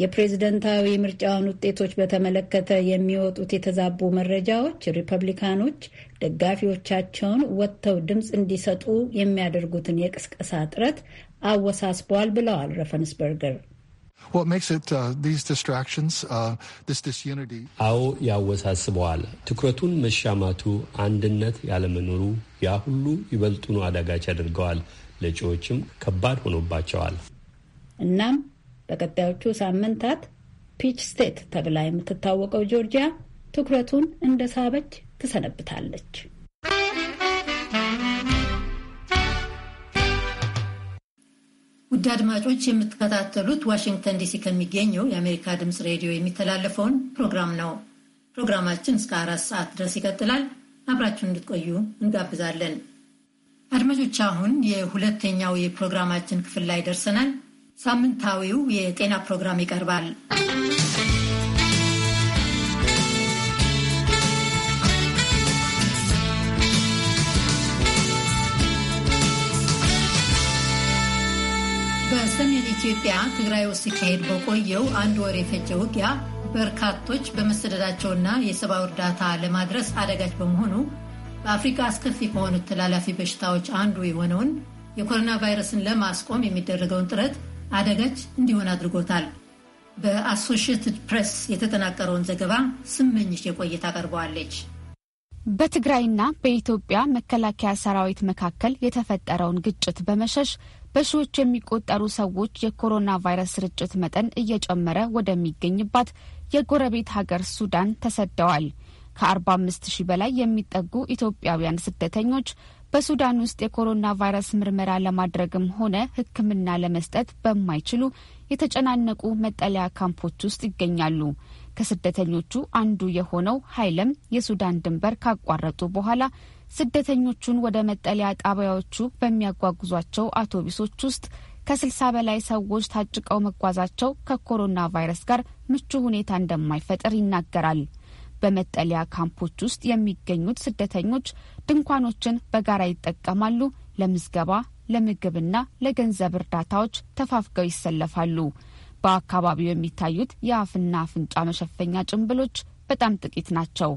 S12: የፕሬዝደንታዊ ምርጫውን ውጤቶች በተመለከተ የሚወጡት የተዛቡ መረጃዎች ሪፐብሊካኖች ደጋፊዎቻቸውን ወጥተው ድምፅ እንዲሰጡ የሚያደርጉትን የቅስቀሳ ጥረት አወሳስበዋል ብለዋል ረፈንስበርገር።
S10: uh, uh,
S3: አዎ ያወሳስበዋል። ትኩረቱን መሻማቱ፣ አንድነት ያለመኖሩ ያ ሁሉ ይበልጡኑ አዳጋች ያደርገዋል፣ ለጪዎችም ከባድ ሆኖባቸዋል።
S12: እናም በቀጣዮቹ ሳምንታት ፒች ስቴት ተብላ የምትታወቀው ጆርጂያ ትኩረቱን እንደሳበች ትሰነብታለች። ውድ አድማጮች
S1: የምትከታተሉት ዋሽንግተን ዲሲ ከሚገኘው የአሜሪካ ድምፅ ሬዲዮ የሚተላለፈውን ፕሮግራም ነው። ፕሮግራማችን እስከ አራት ሰዓት ድረስ ይቀጥላል። አብራችሁን እንድትቆዩ እንጋብዛለን። አድማጮች አሁን የሁለተኛው የፕሮግራማችን ክፍል ላይ ደርሰናል። ሳምንታዊው የጤና ፕሮግራም ይቀርባል። በኢትዮጵያ ትግራይ ውስጥ ሲካሄድ በቆየው አንድ ወር የፈጀ ውጊያ በርካቶች በመሰደዳቸውና የሰብአዊ እርዳታ ለማድረስ አደጋች በመሆኑ በአፍሪካ አስከፊ ከሆኑት ተላላፊ በሽታዎች አንዱ የሆነውን የኮሮና ቫይረስን ለማስቆም የሚደረገውን ጥረት አደጋች እንዲሆን አድርጎታል። በአሶሽትድ ፕሬስ የተጠናቀረውን ዘገባ ስመኝሽ የቆየት አቀርበዋለች።
S10: በትግራይና በኢትዮጵያ መከላከያ ሰራዊት መካከል የተፈጠረውን ግጭት በመሸሽ በሺዎች የሚቆጠሩ ሰዎች የኮሮና ቫይረስ ስርጭት መጠን እየጨመረ ወደሚገኝባት የጎረቤት ሀገር ሱዳን ተሰደዋል። ከ45 ሺ በላይ የሚጠጉ ኢትዮጵያውያን ስደተኞች በሱዳን ውስጥ የኮሮና ቫይረስ ምርመራ ለማድረግም ሆነ ሕክምና ለመስጠት በማይችሉ የተጨናነቁ መጠለያ ካምፖች ውስጥ ይገኛሉ። ከስደተኞቹ አንዱ የሆነው ሀይለም የሱዳን ድንበር ካቋረጡ በኋላ ስደተኞቹን ወደ መጠለያ ጣቢያዎቹ በሚያጓጉዟቸው አውቶቡሶች ውስጥ ከስልሳ በላይ ሰዎች ታጭቀው መጓዛቸው ከኮሮና ቫይረስ ጋር ምቹ ሁኔታ እንደማይፈጥር ይናገራል። በመጠለያ ካምፖች ውስጥ የሚገኙት ስደተኞች ድንኳኖችን በጋራ ይጠቀማሉ። ለምዝገባ፣ ለምግብና ለገንዘብ እርዳታዎች ተፋፍገው ይሰለፋሉ። በአካባቢው የሚታዩት የአፍና አፍንጫ መሸፈኛ ጭንብሎች በጣም ጥቂት ናቸው።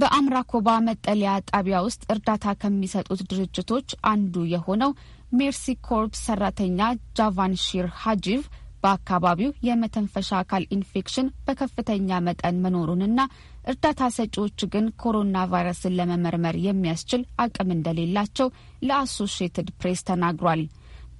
S10: በአምራኮባ መጠለያ ጣቢያ ውስጥ እርዳታ ከሚሰጡት ድርጅቶች አንዱ የሆነው ሜርሲ ኮርፕ ሰራተኛ ጃቫንሺር ሀጂቭ በአካባቢው የመተንፈሻ አካል ኢንፌክሽን በከፍተኛ መጠን መኖሩንና እርዳታ ሰጪዎች ግን ኮሮና ቫይረስን ለመመርመር የሚያስችል አቅም እንደሌላቸው ለአሶሽየትድ ፕሬስ ተናግሯል።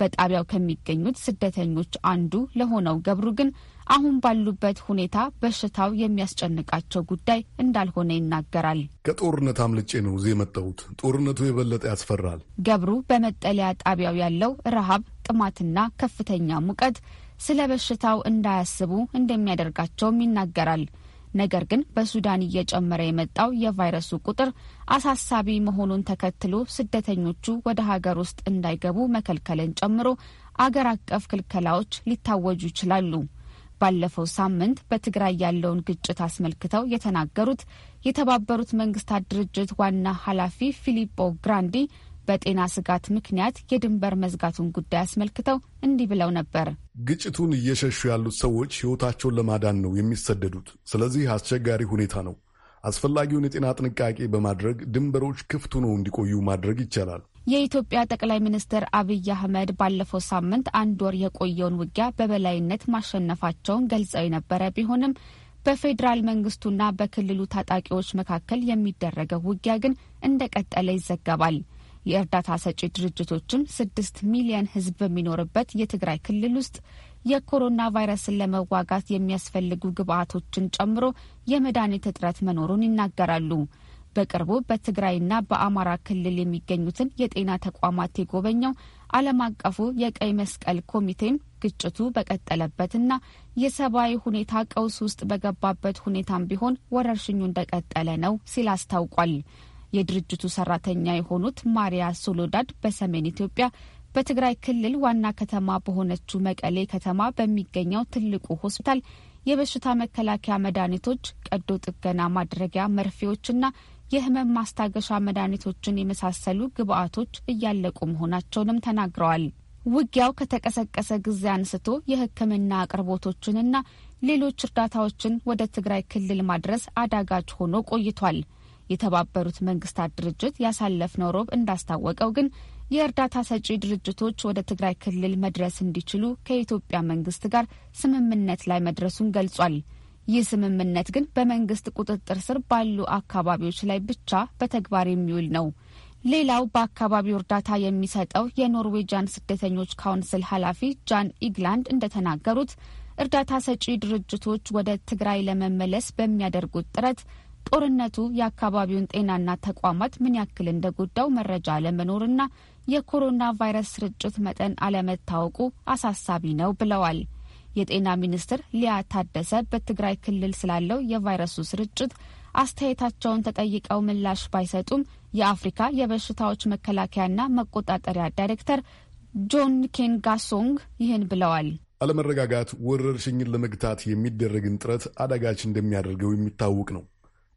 S10: በጣቢያው ከሚገኙት ስደተኞች አንዱ ለሆነው ገብሩ ግን አሁን ባሉበት ሁኔታ በሽታው የሚያስጨንቃቸው ጉዳይ እንዳልሆነ ይናገራል።
S14: ከጦርነት አምልጬ ነው እዚህ የመጣሁት። ጦርነቱ የበለጠ ያስፈራል።
S10: ገብሩ በመጠለያ ጣቢያው ያለው ረሃብ፣ ጥማትና ከፍተኛ ሙቀት ስለ በሽታው እንዳያስቡ እንደሚያደርጋቸውም ይናገራል። ነገር ግን በሱዳን እየጨመረ የመጣው የቫይረሱ ቁጥር አሳሳቢ መሆኑን ተከትሎ ስደተኞቹ ወደ ሀገር ውስጥ እንዳይገቡ መከልከልን ጨምሮ አገር አቀፍ ክልከላዎች ሊታወጁ ይችላሉ። ባለፈው ሳምንት በትግራይ ያለውን ግጭት አስመልክተው የተናገሩት የተባበሩት መንግስታት ድርጅት ዋና ኃላፊ ፊሊፖ ግራንዲ በጤና ስጋት ምክንያት የድንበር መዝጋቱን ጉዳይ አስመልክተው እንዲህ ብለው ነበር።
S14: ግጭቱን እየሸሹ ያሉት ሰዎች ሕይወታቸውን ለማዳን ነው የሚሰደዱት። ስለዚህ አስቸጋሪ ሁኔታ ነው። አስፈላጊውን የጤና ጥንቃቄ በማድረግ ድንበሮች ክፍት ሆነው እንዲቆዩ ማድረግ ይቻላል።
S10: የኢትዮጵያ ጠቅላይ ሚኒስትር አብይ አህመድ ባለፈው ሳምንት አንድ ወር የቆየውን ውጊያ በበላይነት ማሸነፋቸውን ገልጸው የነበረ ቢሆንም በፌዴራል መንግስቱና በክልሉ ታጣቂዎች መካከል የሚደረገው ውጊያ ግን እንደቀጠለ ይዘገባል። የእርዳታ ሰጪ ድርጅቶችም ስድስት ሚሊየን ህዝብ በሚኖርበት የትግራይ ክልል ውስጥ የኮሮና ቫይረስን ለመዋጋት የሚያስፈልጉ ግብዓቶችን ጨምሮ የመድኃኒት እጥረት መኖሩን ይናገራሉ። በቅርቡ በትግራይና በአማራ ክልል የሚገኙትን የጤና ተቋማት የጎበኘው ዓለም አቀፉ የቀይ መስቀል ኮሚቴም ግጭቱ በቀጠለበትና የሰብአዊ ሁኔታ ቀውስ ውስጥ በገባበት ሁኔታም ቢሆን ወረርሽኙ እንደቀጠለ ነው ሲል አስታውቋል። የድርጅቱ ሰራተኛ የሆኑት ማሪያ ሶሎዳድ በሰሜን ኢትዮጵያ በትግራይ ክልል ዋና ከተማ በሆነችው መቀሌ ከተማ በሚገኘው ትልቁ ሆስፒታል የበሽታ መከላከያ መድኃኒቶች፣ ቀዶ ጥገና ማድረጊያ መርፌዎችና የህመም ማስታገሻ መድኃኒቶችን የመሳሰሉ ግብአቶች እያለቁ መሆናቸውንም ተናግረዋል። ውጊያው ከተቀሰቀሰ ጊዜ አንስቶ የህክምና አቅርቦቶችንና ሌሎች እርዳታዎችን ወደ ትግራይ ክልል ማድረስ አዳጋች ሆኖ ቆይቷል። የተባበሩት መንግስታት ድርጅት ያሳለፍነው ሮብ እንዳስታወቀው ግን የእርዳታ ሰጪ ድርጅቶች ወደ ትግራይ ክልል መድረስ እንዲችሉ ከኢትዮጵያ መንግስት ጋር ስምምነት ላይ መድረሱን ገልጿል። ይህ ስምምነት ግን በመንግስት ቁጥጥር ስር ባሉ አካባቢዎች ላይ ብቻ በተግባር የሚውል ነው። ሌላው በአካባቢው እርዳታ የሚሰጠው የኖርዌጂያን ስደተኞች ካውንስል ኃላፊ ጃን ኢግላንድ እንደተናገሩት እርዳታ ሰጪ ድርጅቶች ወደ ትግራይ ለመመለስ በሚያደርጉት ጥረት ጦርነቱ የአካባቢውን ጤናና ተቋማት ምን ያክል እንደጎዳው መረጃ አለመኖርና የኮሮና ቫይረስ ስርጭት መጠን አለመታወቁ አሳሳቢ ነው ብለዋል። የጤና ሚኒስትር ሊያ ታደሰ በትግራይ ክልል ስላለው የቫይረሱ ስርጭት አስተያየታቸውን ተጠይቀው ምላሽ ባይሰጡም የአፍሪካ የበሽታዎች መከላከያና መቆጣጠሪያ ዳይሬክተር ጆን ኬንጋሶንግ ይህን ብለዋል።
S14: አለመረጋጋት ወረርሽኝን ለመግታት የሚደረግን ጥረት አዳጋች እንደሚያደርገው የሚታወቅ ነው።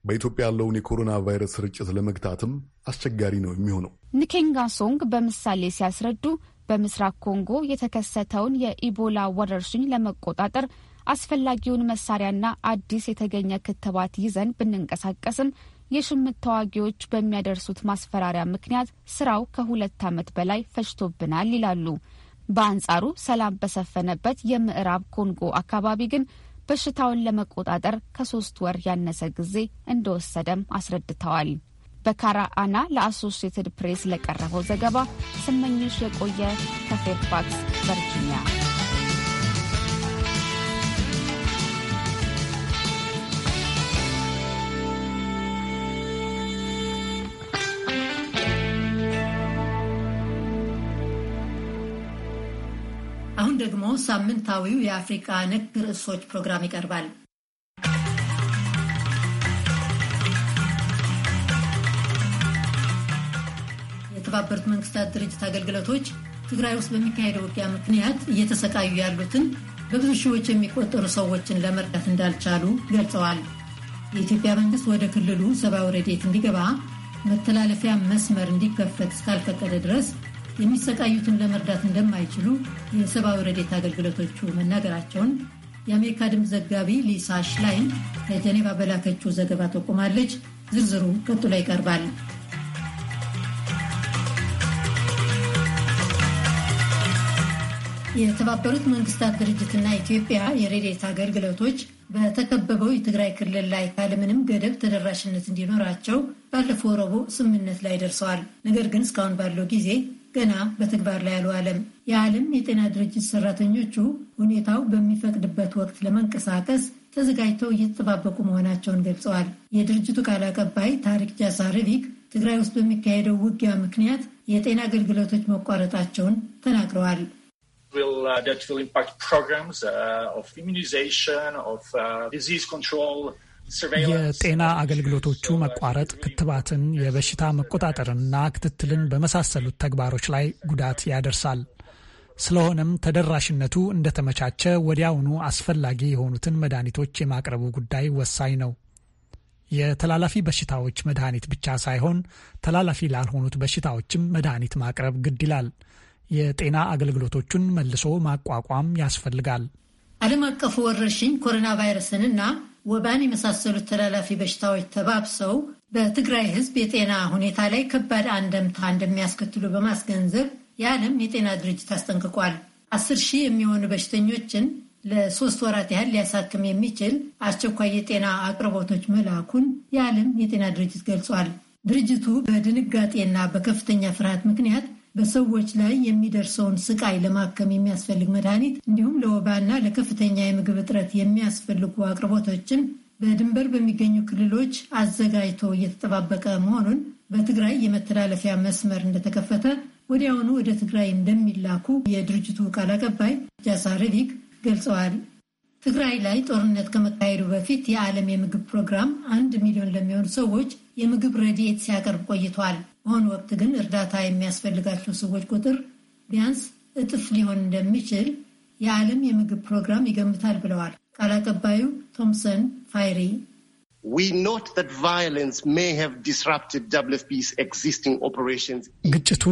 S14: በኢትዮጵያ ያለውን የኮሮና ቫይረስ ስርጭት ለመግታትም አስቸጋሪ ነው የሚሆነው።
S10: ንኬንጋሶንግ በምሳሌ ሲያስረዱ በምስራቅ ኮንጎ የተከሰተውን የኢቦላ ወረርሽኝ ለመቆጣጠር አስፈላጊውን መሳሪያና አዲስ የተገኘ ክትባት ይዘን ብንንቀሳቀስም የሽምት ተዋጊዎች በሚያደርሱት ማስፈራሪያ ምክንያት ስራው ከሁለት ዓመት በላይ ፈጅቶብናል ይላሉ። በአንጻሩ ሰላም በሰፈነበት የምዕራብ ኮንጎ አካባቢ ግን በሽታውን ለመቆጣጠር ከሶስት ወር ያነሰ ጊዜ እንደወሰደም አስረድተዋል። በካራ አና ለአሶሲየትድ ፕሬስ ለቀረበው ዘገባ ስመኞች የቆየ ከፌርፋክስ ቨርጂኒያ።
S1: አሁን ደግሞ ሳምንታዊው የአፍሪቃ ነክ ርዕሶች ፕሮግራም ይቀርባል። የተባበሩት መንግስታት ድርጅት አገልግሎቶች ትግራይ ውስጥ በሚካሄደው ውጊያ ምክንያት እየተሰቃዩ ያሉትን በብዙ ሺዎች የሚቆጠሩ ሰዎችን ለመርዳት እንዳልቻሉ ገልጸዋል። የኢትዮጵያ መንግስት ወደ ክልሉ ሰብአዊ ረድኤት እንዲገባ መተላለፊያ መስመር እንዲከፈት እስካልፈቀደ ድረስ የሚሰቃዩትን ለመርዳት እንደማይችሉ የሰብአዊ ረድኤት አገልግሎቶቹ መናገራቸውን የአሜሪካ ድምፅ ዘጋቢ ሊሳ ሽላይን ከጀኔቫ በላከችው ዘገባ ጠቁማለች። ዝርዝሩ ቀጥሎ ይቀርባል። የተባበሩት መንግስታት ድርጅትና ኢትዮጵያ የሬዴት አገልግሎቶች በተከበበው የትግራይ ክልል ላይ ካለምንም ገደብ ተደራሽነት እንዲኖራቸው ባለፈው ረቡዕ ስምምነት ላይ ደርሰዋል። ነገር ግን እስካሁን ባለው ጊዜ ገና በተግባር ላይ አልዋለም። የዓለም የጤና ድርጅት ሰራተኞቹ ሁኔታው በሚፈቅድበት ወቅት ለመንቀሳቀስ ተዘጋጅተው እየተጠባበቁ መሆናቸውን ገልጸዋል። የድርጅቱ ቃል አቀባይ ታሪክ ሪቪክ ትግራይ ውስጥ በሚካሄደው ውጊያ ምክንያት የጤና አገልግሎቶች መቋረጣቸውን ተናግረዋል።
S3: will uh, that will impact programs uh, of immunization, of uh, disease control.
S13: የጤና አገልግሎቶቹ መቋረጥ ክትባትን፣ የበሽታ መቆጣጠርና ክትትልን በመሳሰሉት ተግባሮች ላይ ጉዳት ያደርሳል። ስለሆነም ተደራሽነቱ እንደተመቻቸ ወዲያውኑ አስፈላጊ የሆኑትን መድኃኒቶች የማቅረቡ ጉዳይ ወሳኝ ነው። የተላላፊ በሽታዎች መድኃኒት ብቻ ሳይሆን ተላላፊ ላልሆኑት በሽታዎችም መድኃኒት ማቅረብ ግድ ይላል። የጤና አገልግሎቶቹን መልሶ ማቋቋም ያስፈልጋል።
S1: ዓለም አቀፉ ወረርሽኝ ኮሮና ቫይረስንና ወባን የመሳሰሉት ተላላፊ በሽታዎች ተባብሰው በትግራይ ሕዝብ የጤና ሁኔታ ላይ ከባድ አንደምታ እንደሚያስከትሉ በማስገንዘብ የዓለም የጤና ድርጅት አስጠንቅቋል። አስር ሺህ የሚሆኑ በሽተኞችን ለሶስት ወራት ያህል ሊያሳክም የሚችል አስቸኳይ የጤና አቅርቦቶች መላኩን የዓለም የጤና ድርጅት ገልጿል። ድርጅቱ በድንጋጤና በከፍተኛ ፍርሃት ምክንያት በሰዎች ላይ የሚደርሰውን ስቃይ ለማከም የሚያስፈልግ መድኃኒት እንዲሁም ለወባና ለከፍተኛ የምግብ እጥረት የሚያስፈልጉ አቅርቦቶችን በድንበር በሚገኙ ክልሎች አዘጋጅቶ እየተጠባበቀ መሆኑን በትግራይ የመተላለፊያ መስመር እንደተከፈተ ወዲያውኑ ወደ ትግራይ እንደሚላኩ የድርጅቱ ቃል አቀባይ ጃሳ ረዲክ ገልጸዋል። ትግራይ ላይ ጦርነት ከመካሄዱ በፊት የዓለም የምግብ ፕሮግራም አንድ ሚሊዮን ለሚሆኑ ሰዎች የምግብ ረድኤት ሲያቀርብ ቆይቷል። በአሁኑ ወቅት ግን እርዳታ የሚያስፈልጋቸው ሰዎች ቁጥር ቢያንስ እጥፍ ሊሆን እንደሚችል የዓለም የምግብ ፕሮግራም ይገምታል ብለዋል ቃል አቀባዩ ቶምሰን ፋይሪ።
S13: ግጭቱ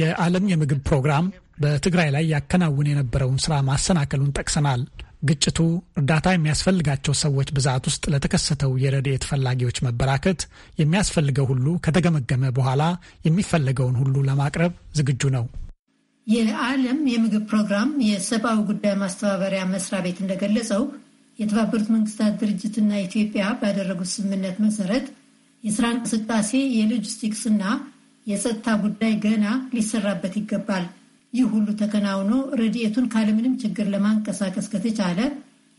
S13: የዓለም የምግብ ፕሮግራም በትግራይ ላይ ያከናውን የነበረውን ስራ ማሰናከሉን ጠቅሰናል። ግጭቱ እርዳታ የሚያስፈልጋቸው ሰዎች ብዛት ውስጥ ለተከሰተው የረድኤት ፈላጊዎች መበራከት የሚያስፈልገው ሁሉ ከተገመገመ በኋላ የሚፈለገውን ሁሉ ለማቅረብ ዝግጁ ነው።
S1: የዓለም የምግብ ፕሮግራም የሰብአዊ ጉዳይ ማስተባበሪያ መስሪያ ቤት እንደገለጸው የተባበሩት መንግስታት ድርጅትና ኢትዮጵያ ባደረጉት ስምምነት መሰረት የስራ እንቅስቃሴ፣ የሎጂስቲክስ እና የጸጥታ ጉዳይ ገና ሊሰራበት ይገባል። ይህ ሁሉ ተከናውኖ ረድኤቱን ካለምንም ችግር ለማንቀሳቀስ ከተቻለ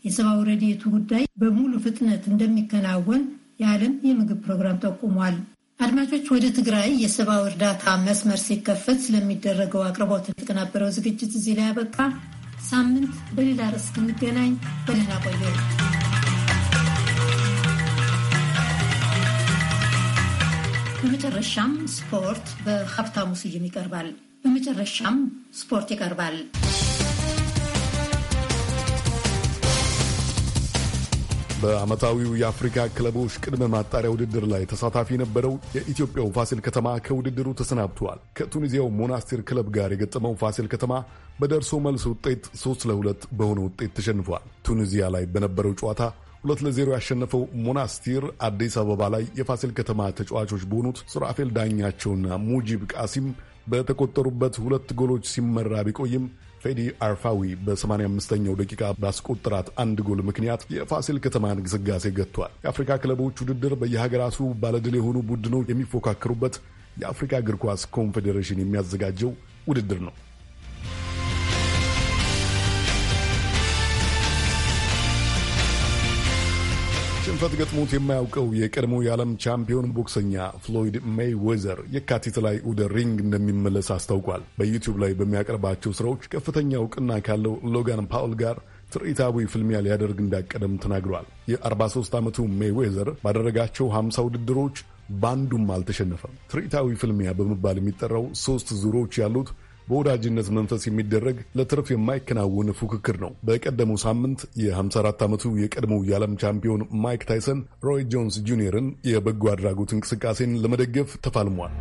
S1: የሰብአዊ ረድኤቱ ጉዳይ በሙሉ ፍጥነት እንደሚከናወን የዓለም የምግብ ፕሮግራም ጠቁሟል። አድማጮች፣ ወደ ትግራይ የሰብአዊ እርዳታ መስመር ሲከፈት ስለሚደረገው አቅርቦት የተቀናበረው ዝግጅት እዚህ ላይ ያበቃ። ሳምንት በሌላ ርዕስ እስክንገናኝ በደህና ቆየ በመጨረሻም ስፖርት በሀብታሙ ስዩም ይቀርባል። በመጨረሻም ስፖርት ይቀርባል።
S14: በዓመታዊው የአፍሪካ ክለቦች ቅድመ ማጣሪያ ውድድር ላይ ተሳታፊ የነበረው የኢትዮጵያው ፋሲል ከተማ ከውድድሩ ተሰናብቷል። ከቱኒዚያው ሞናስቴር ክለብ ጋር የገጠመው ፋሲል ከተማ በደርሶ መልስ ውጤት 3 ለሁለት በሆነ ውጤት ተሸንፏል። ቱኒዚያ ላይ በነበረው ጨዋታ ሁለት ለዜሮ ያሸነፈው ሞናስቲር አዲስ አበባ ላይ የፋሲል ከተማ ተጫዋቾች በሆኑት ሱራፌል ዳኛቸውና ሙጂብ ቃሲም በተቆጠሩበት ሁለት ጎሎች ሲመራ ቢቆይም ፌዲ አርፋዊ በ85ኛው ደቂቃ ባስቆጠራት አንድ ጎል ምክንያት የፋሲል ከተማን ግስጋሴ ገጥቷል። የአፍሪካ ክለቦች ውድድር በየሀገራቱ ባለድል የሆኑ ቡድኖች የሚፎካከሩበት የአፍሪካ እግር ኳስ ኮንፌዴሬሽን የሚያዘጋጀው ውድድር ነው። ሽንፈት ገጥሞት የማያውቀው የቀድሞ የዓለም ቻምፒዮን ቦክሰኛ ፍሎይድ ሜይ ዌዘር የካቲት ላይ ወደ ሪንግ እንደሚመለስ አስታውቋል። በዩቲዩብ ላይ በሚያቀርባቸው ስራዎች ከፍተኛ እውቅና ካለው ሎጋን ፓውል ጋር ትርኢታዊ ፍልሚያ ሊያደርግ እንዳቀደም ተናግሯል። የ43 ዓመቱ ሜይ ዌዘር ባደረጋቸው 50 ውድድሮች በአንዱም አልተሸነፈም። ትርኢታዊ ፍልሚያ በመባል የሚጠራው ሦስት ዙሮች ያሉት በወዳጅነት መንፈስ የሚደረግ ለትርፍ የማይከናወን ፉክክር ነው። በቀደመው ሳምንት የ54 ዓመቱ የቀድሞው የዓለም ቻምፒዮን ማይክ ታይሰን ሮይ ጆንስ ጁኒየርን የበጎ አድራጎት እንቅስቃሴን ለመደገፍ ተፋልሟል።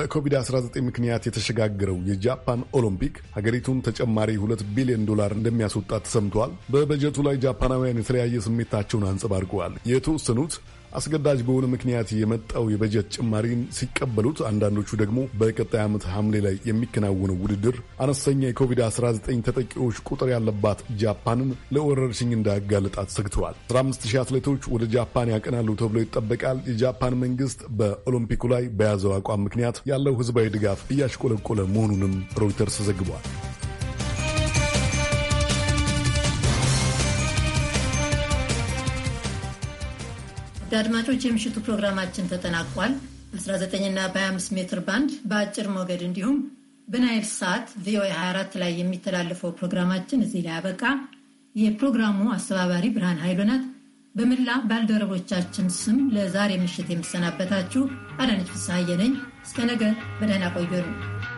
S14: በኮቪድ-19 ምክንያት የተሸጋገረው የጃፓን ኦሎምፒክ ሀገሪቱን ተጨማሪ ሁለት ቢሊዮን ዶላር እንደሚያስወጣት ተሰምተዋል። በበጀቱ ላይ ጃፓናውያን የተለያየ ስሜታቸውን አንጸባርቀዋል። የተወሰኑት አስገዳጅ በሆነ ምክንያት የመጣው የበጀት ጭማሪን ሲቀበሉት፣ አንዳንዶቹ ደግሞ በቀጣይ ዓመት ሐምሌ ላይ የሚከናወነው ውድድር አነስተኛ የኮቪድ-19 ተጠቂዎች ቁጥር ያለባት ጃፓንን ለወረርሽኝ እንዳያጋልጣት ሰግተዋል። 150 አትሌቶች ወደ ጃፓን ያቀናሉ ተብሎ ይጠበቃል። የጃፓን መንግስት በኦሎምፒኩ ላይ በያዘው አቋም ምክንያት ያለው ህዝባዊ ድጋፍ እያሽቆለቆለ መሆኑንም ሮይተርስ ዘግቧል።
S1: ውድ አድማጮች የምሽቱ ፕሮግራማችን ተጠናቋል። በ19ና በ25 ሜትር ባንድ በአጭር ሞገድ እንዲሁም በናይል ሳት ቪኦኤ 24 ላይ የሚተላለፈው ፕሮግራማችን እዚህ ላይ አበቃ። የፕሮግራሙ አስተባባሪ ብርሃን ኃይሉ ናት። በመላ ባልደረቦቻችን ስም ለዛሬ ምሽት የምሰናበታችሁ አዳነች ፍስሐዬ ነኝ። እስከ ነገ በደህና ቆዩን።